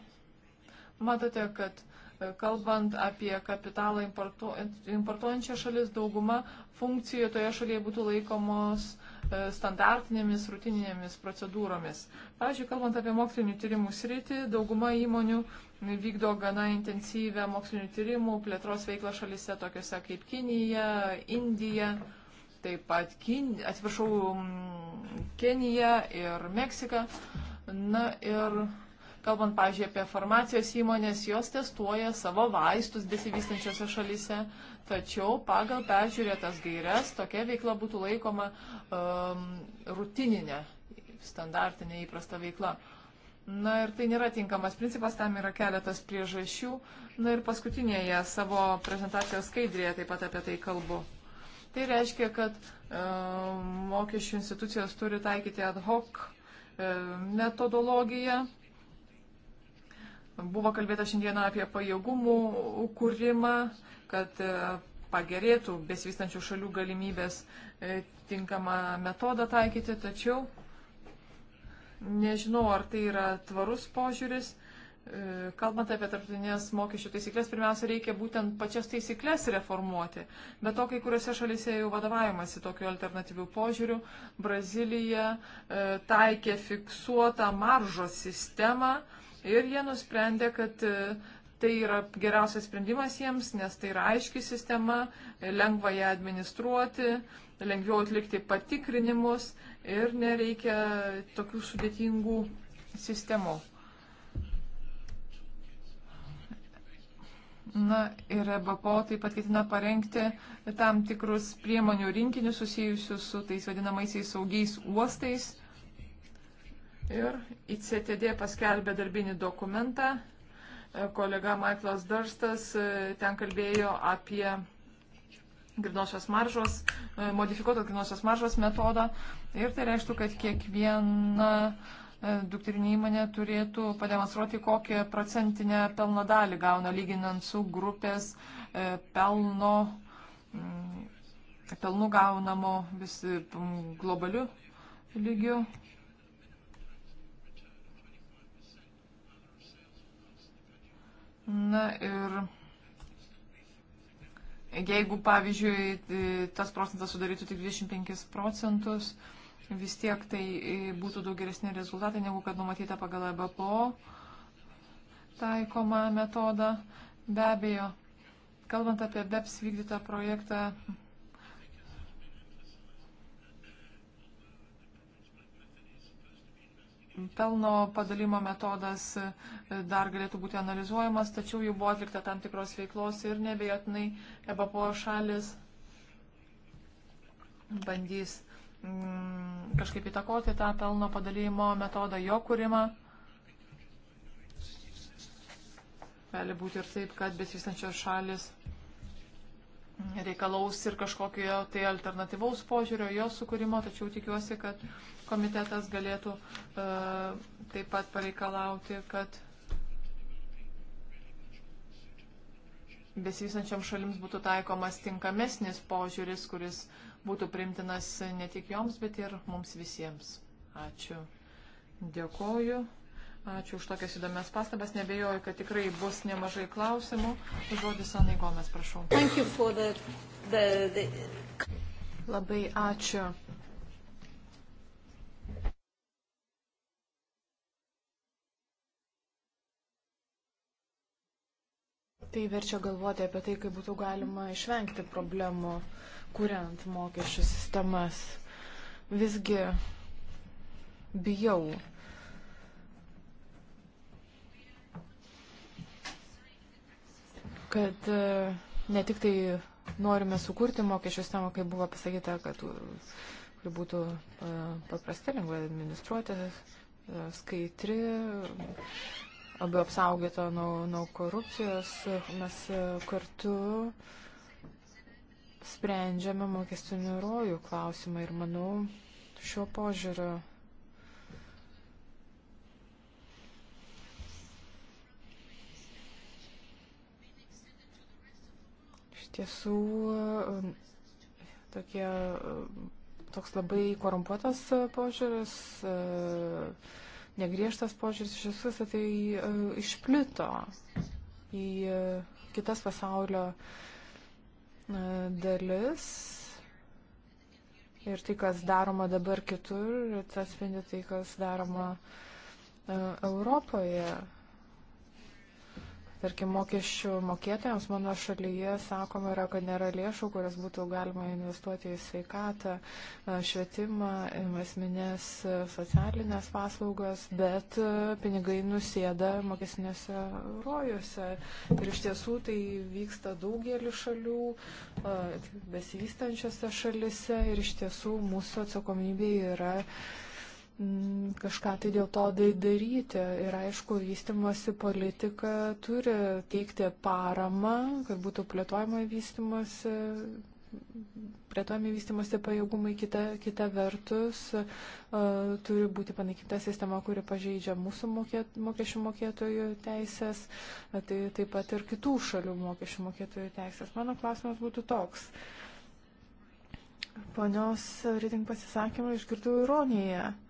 matote, kad e, kalbant apie kapitalą importu, importuojančią šalis, dauguma funkcijų toje šalyje būtų laikomos e, standartinėmis, rutininėmis procedūromis. Pavyzdžiui, kalbant apie mokslinių tyrimų sritį, dauguma įmonių vykdo gana intensyvę mokslinių tyrimų plėtros veiklą šalise tokiuose kaip Kinija, Indija. Mhm taip pat Kin... atsiprašau, Kenija ir Meksika. Na ir kalbant, pažiūrėjau, apie farmacijos įmonės, jos testuoja savo vaistus besivystančiose šalise, tačiau pagal peržiūrėtas gairias tokia veikla būtų laikoma um, rutininė, standartinė įprasta veikla. Na ir tai nėra tinkamas principas, tam yra keletas priežasčių. Na ir paskutinėje savo prezentacijos skaidrėje taip pat apie tai kalbu. Tai reiškia, kad e, mokesčių institucijos turi taikyti ad hoc e, metodologiją. Buvo kalbėta šiandieną apie pajėgumų kūrimą, kad e, pagerėtų besivystančių šalių galimybės e, tinkamą metodą taikyti, tačiau nežinau, ar tai yra tvarus požiūris, E, kalbant apie tarptautinės mokesčių taisyklės, pirmiausia, reikia būtent pačias taisyklės reformuoti. Bet to kai kuriuose šalyse jau vadovavimasi tokiu alternatyviu požiūriu. Brazilija e, taikė fiksuotą maržos sistemą ir jie nusprendė, kad e, tai yra geriausias sprendimas jiems, nes tai yra aiški sistema, lengva ją administruoti, lengviau atlikti patikrinimus ir nereikia tokių sudėtingų sistemų. Na ir BPO taip pat ketina parengti tam tikrus priemonių rinkinius susijusius su tais vadinamaisiais saugiais uostais. Ir ICTD paskelbė darbinį dokumentą. Kolega Michaelas Darstas e, ten kalbėjo apie grinosios maržos, e, modifikuotos grinosios maržos metodą. Ir tai reiškia, kad kiekviena E, dukterinė įmonė turėtų pademonstruoti, kokią procentinę pelno dalį gauna lyginant su grupės e, pelno, mm, pelnų gaunamo vis mm, globaliu lygiu. Na ir jeigu, pavyzdžiui, tas procentas sudarytų tik 25 procentus, vis tiek tai e, būtų daug geresni rezultatai, negu kad numatyta pagal EBPO taikomą metodą. Be abejo, kalbant apie BEPS vykdytą projektą, pelno padalimo metodas e, dar galėtų būti analizuojamas, tačiau jau buvo atlikta tam tikros veiklos ir nebejotinai EBPO šalis bandys mm, kažkaip įtakoti tą pelno padalymo metodą, jo kūrimą. Gali būti ir taip, kad besivystančios šalis reikalaus ir kažkokio tai alternatyvaus požiūrio jo sukūrimo, tačiau tikiuosi, kad komitetas galėtų e, taip pat pareikalauti, kad besivysančiam šalims būtų taikomas tinkamesnis požiūris, kuris e, būtų primtinas ne tik joms, bet ir mums visiems. Ačiū. Dėkoju. Ačiū už tokias įdomias pastabas. Nebejoju, kad tikrai bus nemažai klausimų. Žodis Anai Gomes, prašau. The, the, the... Labai ačiū. Tai verčia galvoti apie tai, kaip būtų galima išvengti problemų. Uh, kuriant mokesčių sistemas. Visgi bijau. kad e, ne tik tai norime sukurti mokesčių sistemą, kaip buvo pasakyta, kad kuri būtų e, paprasta, lengvai administruoti, e, skaitri, abu apsaugėta nuo, nuo korupcijos. Mes kartu uh, sprendžiame mokestinių rojų klausimą ir manau šiuo požiūriu iš tiesų tokie toks labai korumpuotas požiūris, negriežtas požiūris iš visų, tai e, išplito į e, kitas pasaulio dalis ir tai, kas daroma dabar kitur, atsispindi tai, kas daroma e, Europoje tarkim, mokesčių mokėtojams mano šalyje sakoma yra, kad nėra lėšų, kurias būtų galima investuoti į sveikatą, e, švietimą, e, asmenės e, socialinės paslaugas, bet pinigai nusėda mokesnėse rojuose. Ir iš tiesų tai vyksta daugelį šalių, besivystančiose šalise ir iš tiesų mūsų atsakomybė yra Mm, kažką tai dėl to daryti. Ir aišku, vystimosi politika turi teikti paramą, kad būtų plėtojama vystimosi plėtojami vystimosi pajėgumai, kita, kita vertus uh, turi būti panaikinta sistema, kuri pažeidžia mūsų mokėt, mokesčių mokėtojų teisės, e, tai taip pat ir kitų šalių mokesčių mokėtojų teisės. Mano klausimas būtų toks. Ponios Riting pasisakymą išgirdau ironiją. Uh,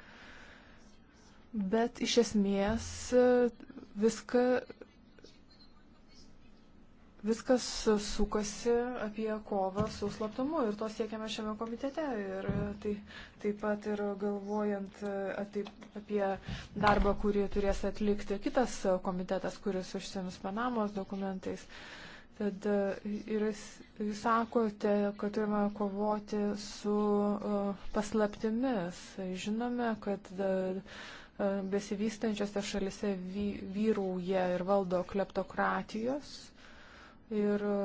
bet iš esmės viską, viskas sukasi apie kovą su slaptumu ir to siekiame šiame komitete. Ir e, tai, taip pat ir galvojant taip, e, apie darbą, kurį turės atlikti kitas komitetas, kuris užsims Panamos dokumentais. Tad e, ir jūs sakote, kad turime kovoti su paslaptimis. Žinome, kad da, E, besivystančiose šalise vyrauja ir valdo kleptokratijos. Ir e,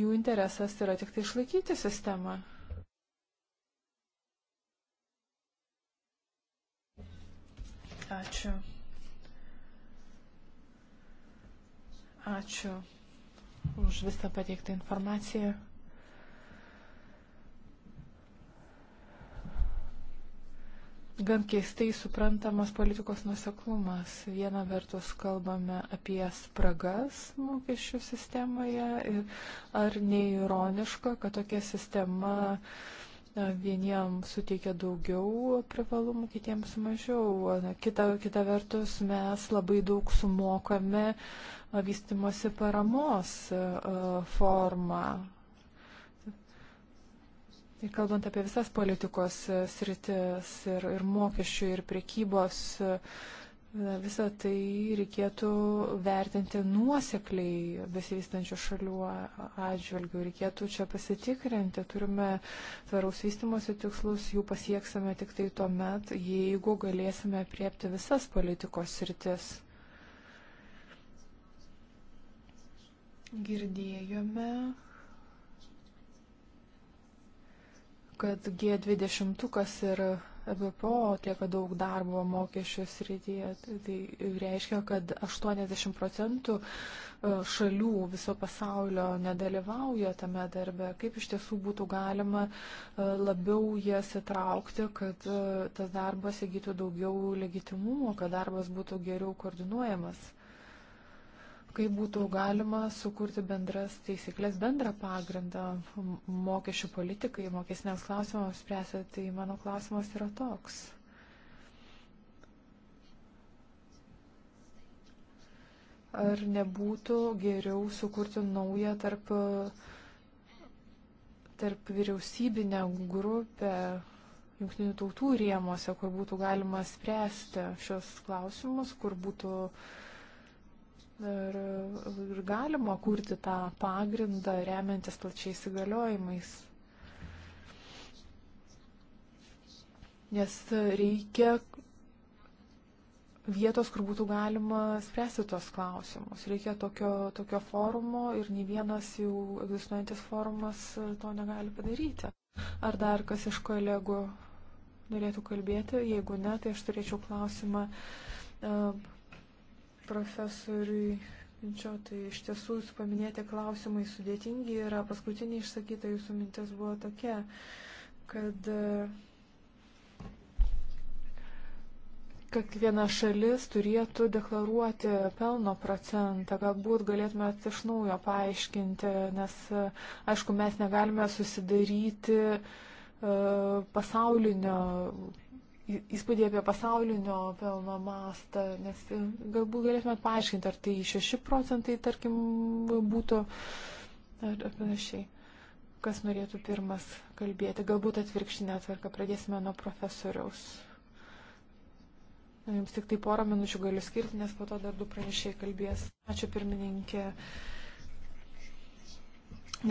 jų interesas yra tik tai išlaikyti sistemą. Ačiū. Ačiū už visą pateiktą informaciją. gan keistai suprantamas politikos nuseklumas. Viena vertus kalbame apie spragas mokesčių sistemoje ir ar neironiška, kad tokia sistema vieniems suteikia daugiau privalumų, kitiems mažiau. Kita, kita vertus, mes labai daug sumokame vystimosi paramos e, formą. Tai kalbant apie visas politikos e, sritis ir, ir mokesčių, ir priekybos, e, visą tai reikėtų vertinti nuosekliai besivystančių šalių atžvilgių. Reikėtų čia pasitikrinti, turime tvaraus vystimosi tikslus, jų pasieksime tik tai tuo met, jeigu galėsime priepti visas politikos sritis. Girdėjome kad G20 ir EBPO atlieka daug darbo mokesčių srityje. Tai reiškia, kad 80 procentų e, šalių viso pasaulio nedalyvauja tame darbe. Kaip iš tiesų būtų galima e, labiau jas įtraukti, kad e, tas darbas įgytų daugiau legitimumo, kad darbas būtų geriau koordinuojamas? kaip būtų galima sukurti bendras taisyklės, bendrą pagrindą mokesčių politikai, mokesniams klausimams spręsti, tai mano klausimas yra toks. Ar nebūtų geriau sukurti naują tarp, tarp vyriausybinę grupę jungtinių tautų rėmose, kur būtų galima spręsti šios klausimus, kur būtų uh, Ir, ir galima kurti tą pagrindą remiantis plačiais įgaliojimais. Nes reikia vietos, kur būtų galima spręsti tos klausimus. Reikia tokio, tokio forumo ir nei vienas jau egzistuojantis forumas to negali padaryti. Ar dar kas iš kolegų norėtų kalbėti? Jeigu ne, tai aš turėčiau klausimą. Uh, profesoriui Minčio, tai iš tiesų jūsų paminėti klausimai sudėtingi yra. Paskutinė išsakyta jūsų mintis buvo tokia, kad kiekviena šalis turėtų deklaruoti pelno procentą. Galbūt galėtumėt iš naujo paaiškinti, nes aišku, mes negalime susidaryti e, pasaulinio įspūdį apie pasaulinio pelno mastą, nes e, galbūt galėtumėt paaiškinti, ar tai 6 procentai, tarkim, būtų, ar panašiai. Kas norėtų pirmas kalbėti? Galbūt atvirkštinę tvarką pradėsime nuo profesoriaus. Na, jums tik tai porą minučių galiu skirti, nes po to dar du pranešiai kalbės. Ačiū pirmininkė.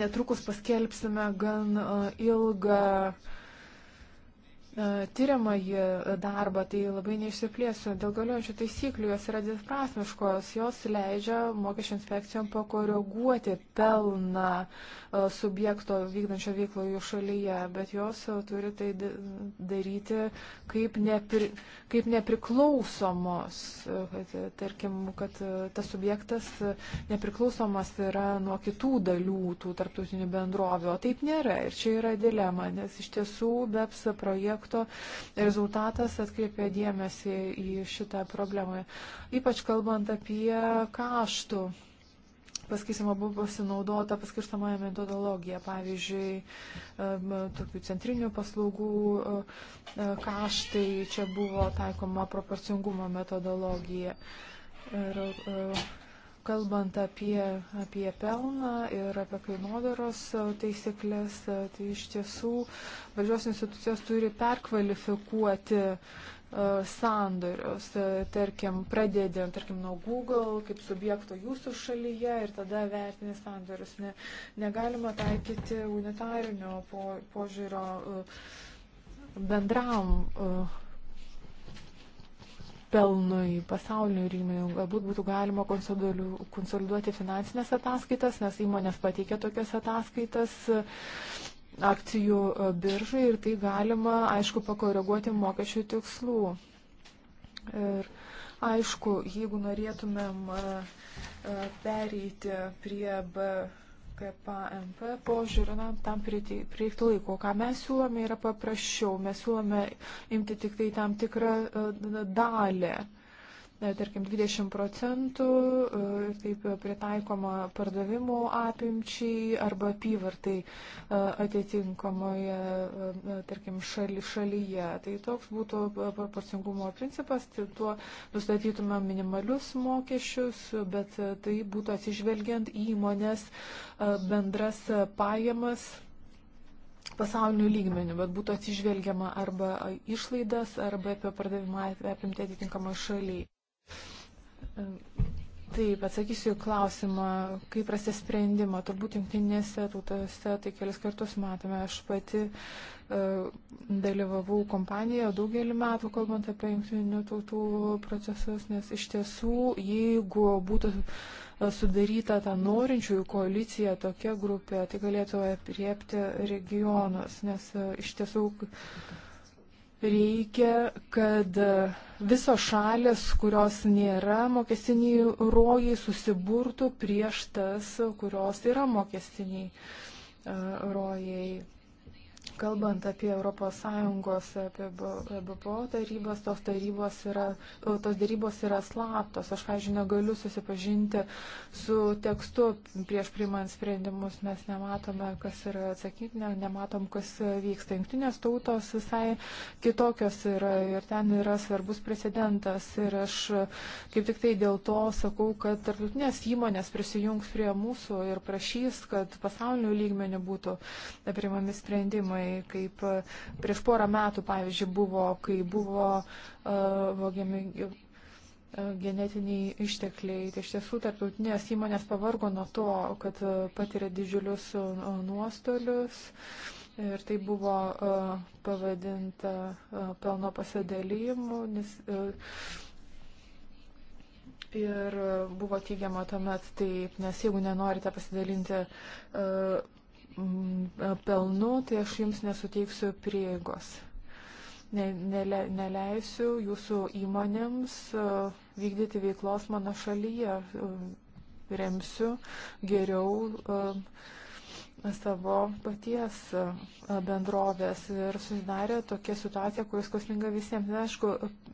Netrukus paskelbsime gan e, ilgą. Uh, E, tyriamąjį darbą, tai labai neišsiplėsiu. Dėl galiojančių taisyklių jos yra dviprasmiškos, jos leidžia mokesčio inspekcijom pakoreguoti pelną e, subjekto vykdančio veiklą jų šalyje, bet jos e, turi tai daryti kaip nepri, kaip nepriklausomos, kad, tarkim, kad tas subjektas nepriklausomas yra nuo kitų dalių tų tarptautinių bendrovių, o taip nėra. Ir čia yra dilema, nes iš tiesų BEPS projekto rezultatas atkreipia dėmesį į šitą problemą, ypač kalbant apie kaštų paskirstimo buvo pasinaudota paskirstamąją metodologiją, pavyzdžiui, tokių centrinių paslaugų e, e, kaštai, čia buvo taikoma proporcingumo metodologija. Ir e, kalbant apie, apie pelną ir apie kainodaros taisyklės, tai iš tiesų valdžios institucijos turi perkvalifikuoti E, sandorius, e, tarkim, pradedant, tarkim, nuo Google kaip subjekto jūsų šalyje ir tada vertini sandorius. Ne, negalima taikyti unitarinio po, požiūrio e, bendram pelnui pasaulinių įmonių. Galbūt būtų galima konsoliduoti finansinės ataskaitas, nes įmonės pateikia tokias ataskaitas akcijų e, biržai ir tai galima, aišku, pakoreguoti mokesčių tikslų. Ir aišku, jeigu norėtumėm e, e, pereiti prie BKPMP požiūrį, na, tam prireiktų laiko. Ką mes siūlome yra paprasčiau. Mes siūlome imti tik tai tam tikrą dalį tarkim, 20 procentų ir e, taip pritaikoma pardavimų apimčiai arba apyvartai e, atitinkamoje, e, tarkim, šali, šalyje. Tai toks būtų proporcingumo principas, tai tuo nustatytume minimalius mokesčius, bet tai būtų atsižvelgiant į įmonės bendras pajamas pasaulinių lygmenių, bet būtų atsižvelgiama arba išlaidas, arba apie pardavimą apimti atitinkamą šalyje. Taip, atsakysiu klausimą, kaip rasti sprendimą. Turbūt jungtinėse tautose tai kelis kartus matome. Aš pati e, dalyvavau kompanijoje daugelį metų, kalbant apie jungtinių tautų procesus, nes iš tiesų, jeigu būtų e, sudaryta ta norinčiųjų koalicija, tokia grupė, tai galėtų apriepti regionus, nes e, iš tiesų reikia, kad visos šalis, kurios nėra mokestiniai rojai, susiburtų prieš tas, kurios yra mokestiniai e, rojai kalbant apie ES, apie BPO tarybas, tos, tarybos yra, tos darybos yra slaptos. Aš, pavyzdžiui, negaliu susipažinti su tekstu prieš priimant sprendimus. Mes nematome, kas yra atsakyti, ne, nematom, kas vyksta. Junktinės tautos visai kitokios yra ir ten yra svarbus precedentas. Ir aš kaip tik tai dėl to sakau, kad tarptautinės įmonės prisijungs prie mūsų ir prašys, kad pasaulio lygmenių būtų priimami sprendimai kaip e, prieš porą metų, pavyzdžiui, buvo, kai buvo e, vogiami e, genetiniai ištekliai. Tai iš tiesų tarptautinės įmonės pavargo nuo to, kad patiria didžiulius nuostolius. Ir tai buvo pavadinta pelno pasidalymu, nes ir buvo teigiama tuomet taip, nes jeigu nenorite pasidalinti Mm, pelnu, tai aš jums nesuteiksiu prieigos. Ne, nele, neleisiu jūsų įmonėms e, vykdyti veiklos mano šalyje. E, remsiu geriau. Uh, savo paties bendrovės ir susidarė tokia situacija, kuris kosminga visiems. Na, aišku,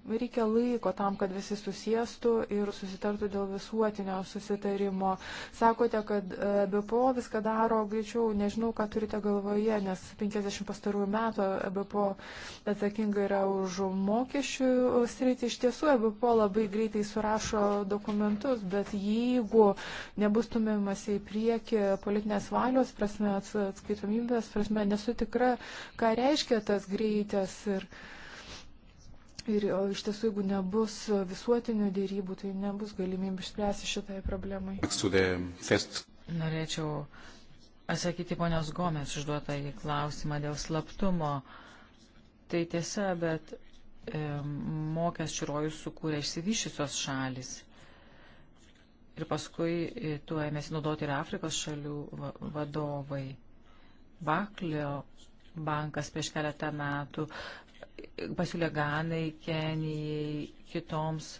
reikia laiko tam, kad visi susijęstų ir susitartų dėl visuotinio susitarimo. Sakote, kad BPO viską daro greičiau, nežinau, ką turite galvoje, nes 50 pastarųjų metų BPO atsakinga yra už mokesčių sritį. Iš tiesų, BPO labai greitai surašo dokumentus, bet jeigu nebus tumėmasi į priekį politinės valios prasme, prasme, atskaitomybės prasme, nesu tikra, ką reiškia tas greitis. Ir, Ir iš tiesų, jeigu nebus visuotinių dėrybų, tai nebus galimybė išspręsti šitai problemai. Norėčiau atsakyti ponios Gomės užduotą į klausimą dėl slaptumo. Tai tiesa, bet e, mokesčių rojus sukūrė išsivyšusios šalis. Ir paskui e, tuo ėmėsi naudoti ir Afrikos šalių vadovai. Baklio bankas prieš keletą metų e, pasiūlė Ganai, Kenijai, kitoms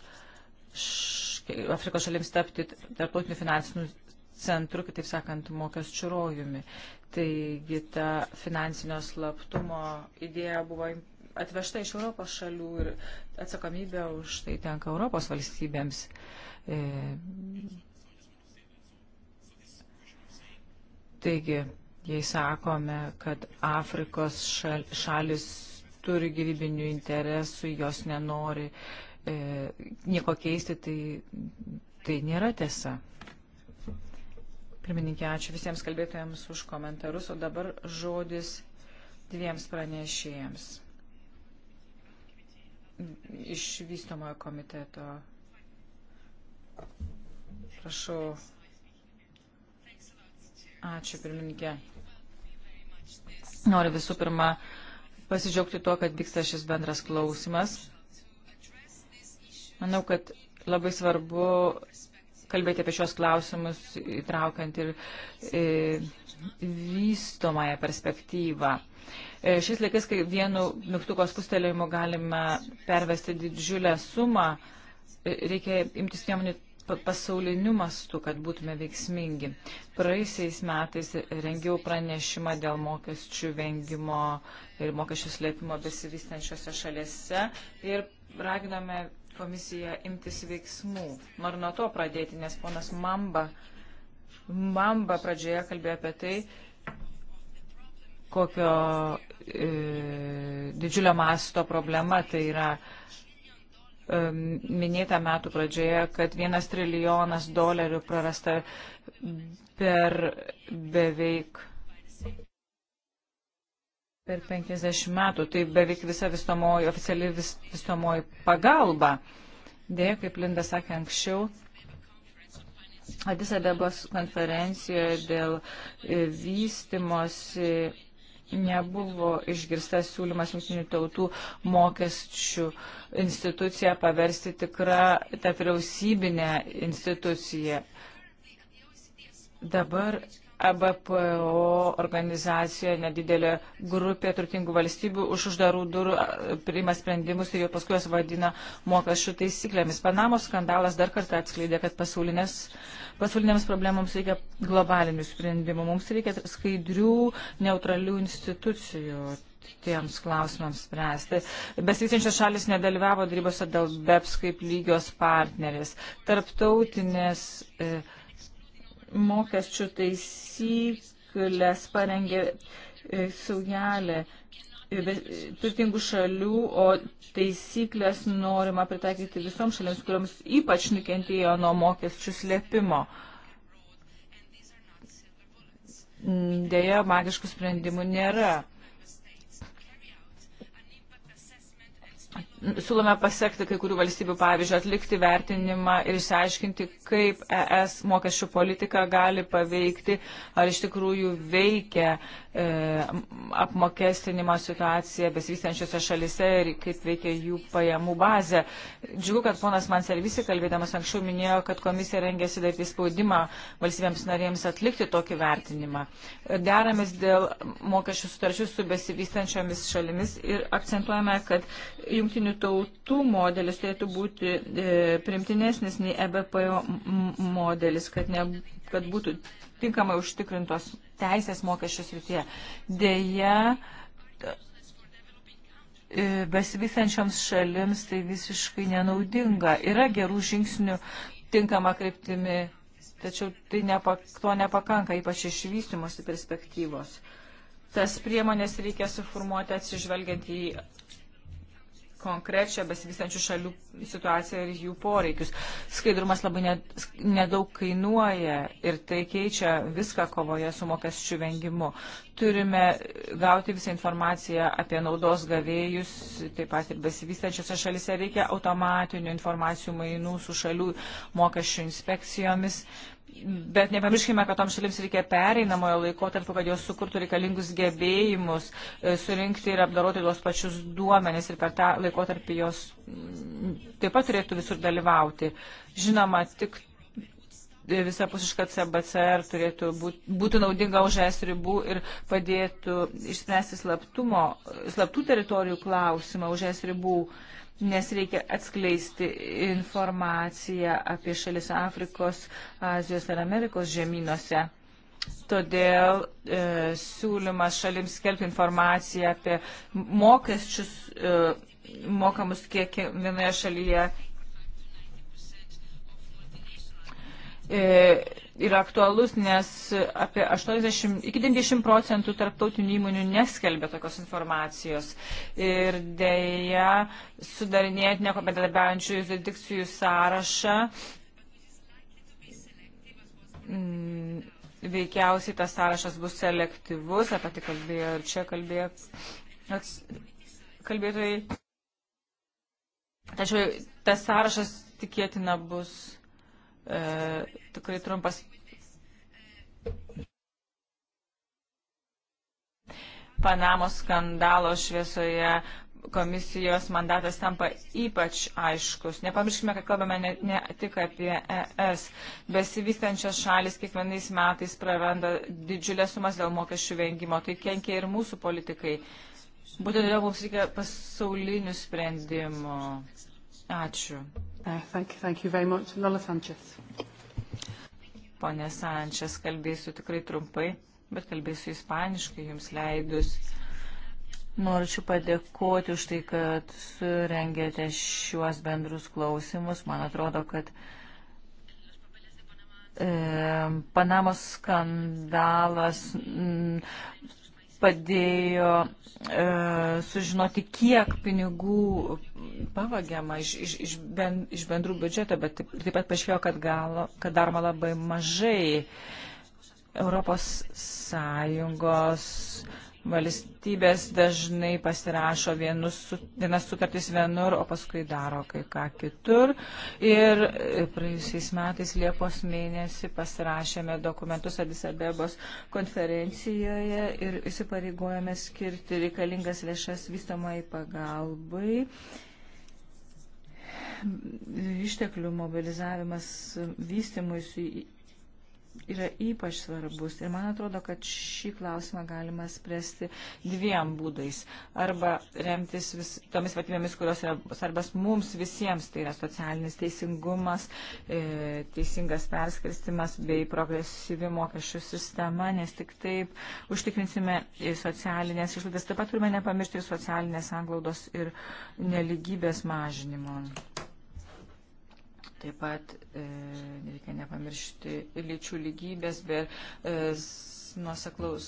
š... Afrikos šalims tapti tarptautinių finansinių centru, kitaip sakant, mokesčių rojumi. Taigi ta finansinio slaptumo idėja buvo atvežta iš Europos šalių ir atsakomybė už tai tenka Europos valstybėms. Uh, E, taigi, jei sakome, kad Afrikos šal, šalis turi gyvybinių interesų, jos nenori e, nieko keisti, tai, tai nėra tiesa. Pirmininkė, ačiū visiems kalbėtojams už komentarus, o dabar žodis dviems pranešėjams iš vystomojo komiteto Prašau. Ačiū, pirmininkė. Noriu visų pirma pasidžiaugti tuo, kad vyksta šis bendras klausimas. Manau, kad labai svarbu kalbėti apie šios klausimus, įtraukiant ir e, vystomąją perspektyvą. E, šiais laikais, kai vienu mygtukos pustelėjimu galime pervesti didžiulę sumą, e, reikia imtis priemonių pasauliniu mastu, kad būtume veiksmingi. Praeisiais metais rengiau pranešimą dėl mokesčių vengimo ir mokesčių slėpimo besivystančiose šalėse ir raginome komisiją imtis veiksmų. Noriu nuo to pradėti, nes ponas Mamba, Mamba pradžioje kalbėjo apie tai, kokio e, didžiulio masto problema tai yra Um, minėta metų pradžioje, kad vienas trilijonas dolerių prarasta per beveik per 50 metų. Tai beveik visa visomoji, oficiali vis, visomoji pagalba. Dėja, kaip Linda sakė anksčiau, Adis Abebos konferencijoje dėl e, vystimosi nebuvo išgirstas siūlymas jungtinių tautų mokesčių instituciją paversti tikrą tarp vyriausybinę instituciją. Dabar ABPO organizacijoje nedidelė grupė turtingų valstybių už uždarų durų priima sprendimus ir jau paskui juos vadina mokesčių taisyklėmis. Panamos skandalas dar kartą atskleidė, kad pasaulinėms problemams reikia globalinių sprendimų. Mums reikia skaidrių, neutralių institucijų tiems klausimams spręsti. Besivystančios šalis nedalyvavo darybose dėl BEPS kaip lygios partnerės. Tarptautinės e, mokesčių taisyklės parengė e, saugelė e, turtingų šalių, o taisyklės norima pritaikyti visoms šalims, kuriams ypač nukentėjo nuo mokesčių slėpimo. Deja, magiškų sprendimų nėra siūlome pasiekti kai kurių valstybių pavyzdžių, atlikti vertinimą ir išsiaiškinti, kaip ES mokesčių politika gali paveikti, ar iš tikrųjų veikia e, apmokestinimo situacija besivystančiose šalise ir kaip veikia jų pajamų bazė. Džiugu, kad ponas Manservisi, kalbėdamas anksčiau, minėjo, kad komisija rengėsi daryti spaudimą valstybėms narėms atlikti tokį vertinimą. Deramės dėl mokesčių sutarčių su besivystančiomis šalimis ir akcentuojame, kad jungtinių jungtinių tautų modelis turėtų būti e, primtinesnis nei EBPO modelis, kad, ne, kad būtų tinkamai užtikrintos teisės mokesčių srityje. Deja, e, besivystančioms šalims tai visiškai nenaudinga. Yra gerų žingsnių tinkama kryptimi, tačiau tai nepak, to nepakanka, ypač išvystymosi perspektyvos. Tas priemonės reikia suformuoti atsižvelgiant į konkrečią besivystančių šalių situaciją ir jų poreikius. Skaidrumas labai nedaug kainuoja ir tai keičia viską kovoje su mokesčių vengimu. Turime gauti visą informaciją apie naudos gavėjus, taip pat ir besivystančiose šalise reikia automatinių informacijų mainų su šalių mokesčių inspekcijomis. Bet nepamirškime, kad toms šalims reikia pereinamojo laikotarpio, kad jos sukurtų reikalingus gebėjimus, e, surinkti ir apdaroti tuos pačius duomenis ir per tą laikotarpį jos taip pat turėtų visur dalyvauti. Žinoma, tik visapusiška CBCR turėtų būti, būtų naudinga už es ribų ir padėtų išspręsti slaptumo, slaptų teritorijų klausimą už es ribų. Uh, nes reikia atskleisti informaciją apie šalis Afrikos, Azijos ir Amerikos žemynuose. Todėl e, siūlymas šalims skelbti informaciją apie mokesčius e, mokamus kiek vienoje šalyje. E, yra aktualus, nes apie 80, iki 90 procentų tarptautinių įmonių neskelbia tokios informacijos. Ir dėja, sudarinėjant nekomentarbiaujančių jurisdikcijų sąrašą, m, mm, veikiausiai tas sąrašas bus selektyvus, apie tai kalbėjo ir čia kalbėjo kalbėtojai. Tačiau tas sąrašas tikėtina bus e, tikrai trumpas Panamos skandalo šviesoje komisijos mandatas tampa ypač aiškus. Nepamirškime, kad kalbame ne, ne tik apie ES. Besivystančios šalis kiekvienais metais praranda didžiulės sumas dėl mokesčių vengimo. Tai kenkia ir mūsų politikai. Būtent todėl mums reikia pasaulinių sprendimų. Ačiū. Uh, thank, thank you very much. Lola Sanchez. Pone Sančias, kalbėsiu tikrai trumpai, bet kalbėsiu ispaniškai jums leidus. Norčiau padėkoti už tai, kad surengėte šiuos bendrus klausimus. Man atrodo, kad e, Panamos skandalas m, padėjo e, sužinoti, kiek pinigų pavagiama iš, iš, iš, ben, iš bendrų biudžeto, bet taip, taip pat paaiškėjo, kad, gal, kad daroma labai mažai Europos Sąjungos Valstybės dažnai pasirašo vienus, vienas sutartis vienur, o paskui daro kai ką kitur. Ir praėjusiais metais Liepos mėnesį pasirašėme dokumentus Adisabebos konferencijoje ir įsipareigojame skirti reikalingas lėšas vystamai pagalbai išteklių mobilizavimas vystimuisi yra ypač svarbus. Ir man atrodo, kad šį klausimą galima spręsti dviem būdais. Arba remtis vis, tomis vadinėmis, kurios yra svarbas mums visiems, tai yra socialinis teisingumas, e, teisingas perskirstimas bei progresyvi mokesčių sistema, nes tik taip užtikrinsime socialinės išlaidas. Taip pat turime nepamiršti ir socialinės anglaudos ir neligybės mažinimo. Taip pat e, reikia nepamiršti lyčių lygybės, bet e, nuoseklaus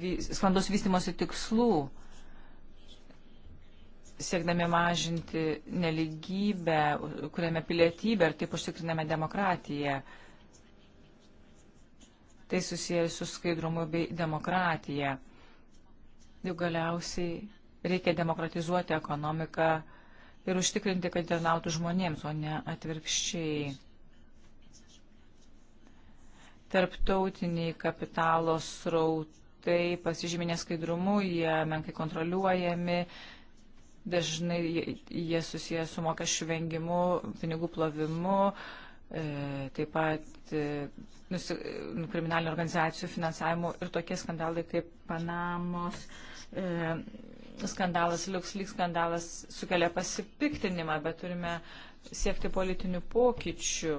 vy, sklandos vystimosi tikslų, siekdami mažinti neligybę, kuriame pilietybę ir taip užtikriname demokratiją. Tai susijęs su skaidrumu bei demokratija. Juk galiausiai reikia demokratizuoti ekonomiką ir užtikrinti, kad tarnautų žmonėms, o ne atvirkščiai. Tarptautiniai kapitalo srautai pasižymė neskaidrumu, jie menkai kontroliuojami, dažnai jie susijęs su mokesčių vengimu, pinigų plovimu, e, taip pat e, nusi, nu, kriminalinių organizacijų finansavimu ir tokie skandalai kaip Panamos e, skandalas, LuxLeaks skandalas sukelia pasipiktinimą, bet turime siekti politinių pokyčių.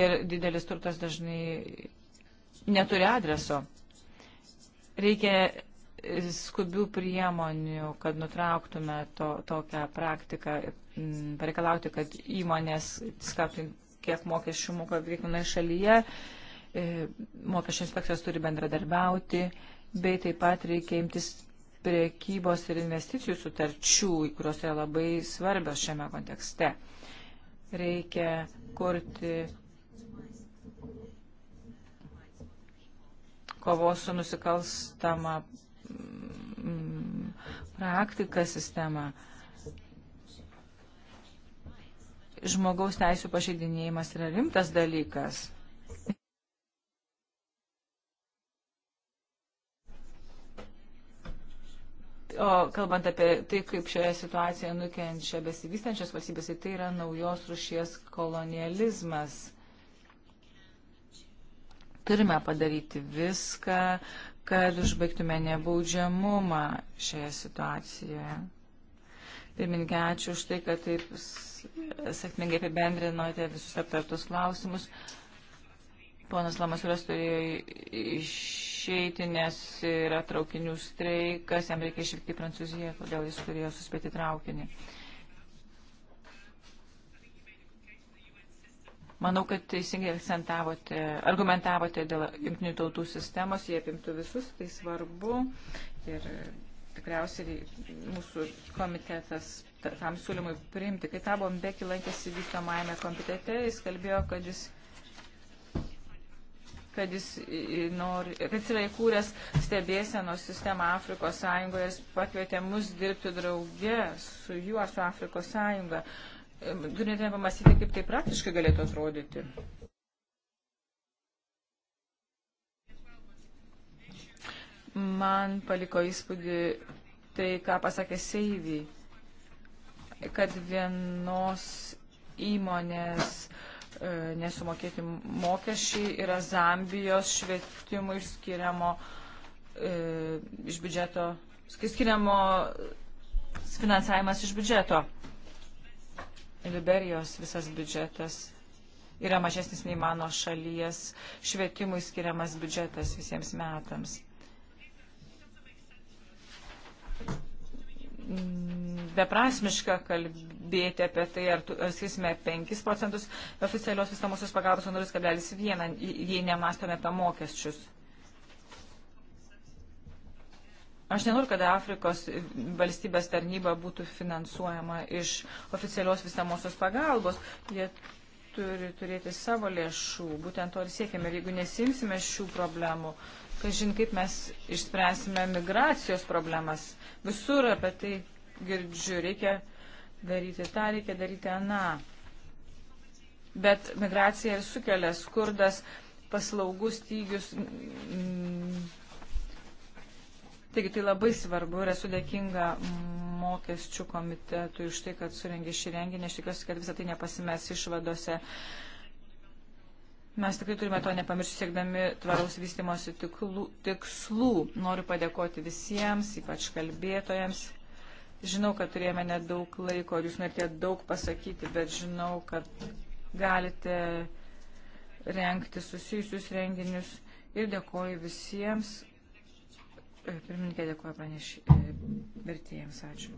Ir didelis turtas dažnai neturi adreso. Reikia skubių priemonių, kad nutrauktume to, tokią praktiką, mm, pareikalauti, kad įmonės skaptų kiek mokesčių moka kiekvienoje šalyje, e, mokesčių inspekcijos turi bendradarbiauti, bei taip pat reikia imtis priekybos ir investicijų sutarčių, kurios yra labai svarbios šiame kontekste. Reikia kurti kovos su nusikalstama mm, praktika sistema. Žmogaus teisų pažeidinėjimas yra rimtas dalykas O kalbant apie tai, kaip šioje situacijoje nukenčia besivystančios valstybės, tai, tai yra naujos rušies kolonializmas turime padaryti viską, kad užbaigtume nebaudžiamumą šioje situacijoje. Pirmininkė, ačiū už tai, kad taip sėkmingai apibendrinote visus aptartus klausimus. Ponas Lamasuras turėjo išeiti, nes yra traukinių streikas, jam reikia išvykti į Prancūziją, kodėl jis turėjo suspėti traukinį. Manau, kad teisingai akcentavote, argumentavote dėl jungtinių tautų sistemos, jie apimtų visus, tai svarbu. Ir tikriausiai mūsų komitetas tam siūlymui priimti. Kai tabo Mbeki lankėsi vystomajame komitete, jis kalbėjo, kad jis kad jis, nori, kad jis yra įkūręs stebėsenos sistemą Afrikos Sąjungoje ir pakvietė mus dirbti drauge su juo, su Afrikos Sąjunga. Turėtume pamastyti, kaip tai praktiškai galėtų atrodyti. Man paliko įspūdį tai, ką pasakė Seivy, kad vienos įmonės uh, E, nesumokėti mokesčiai yra Zambijos švietimui skiriamo e, iš biudžeto, skiriamo finansavimas iš biudžeto. Liberijos visas biudžetas yra mažesnis nei mano šalies švietimui skiriamas biudžetas visiems metams. Beprasmiška kalbėti kalbėti apie tai, ar, tu, ar skirsime 5 procentus oficialios visamosios pagalbos, o 0,1, jei nemastome apie mokesčius. Aš nenoriu, kad Afrikos valstybės tarnyba būtų finansuojama iš oficialios visamosios pagalbos. Jie turi turėti savo lėšų. Būtent to ir siekiame. Ir jeigu nesimsime šių problemų, kažin kaip mes išspręsime migracijos problemas. Visur apie tai girdžiu. Reikia daryti tą, reikia daryti aną. Bet migracija ir sukelia skurdas, paslaugų stygius. Mm, taigi tai labai svarbu ir esu dėkinga mokesčių komitetui už tai, kad surengė šį renginį. Aš tikiuosi, kad visą tai nepasimes išvadose. Mes tikrai turime to nepamiršti, siekdami tvaraus vystimosi tikslų. Noriu padėkoti visiems, ypač kalbėtojams, Žinau, kad turėjome nedaug laiko ir jūs norite daug pasakyti, bet žinau, kad galite renkti susijusius renginius ir dėkoju visiems. Pirmininkė dėkoju pranešėjams. E, vertėjams ačiū.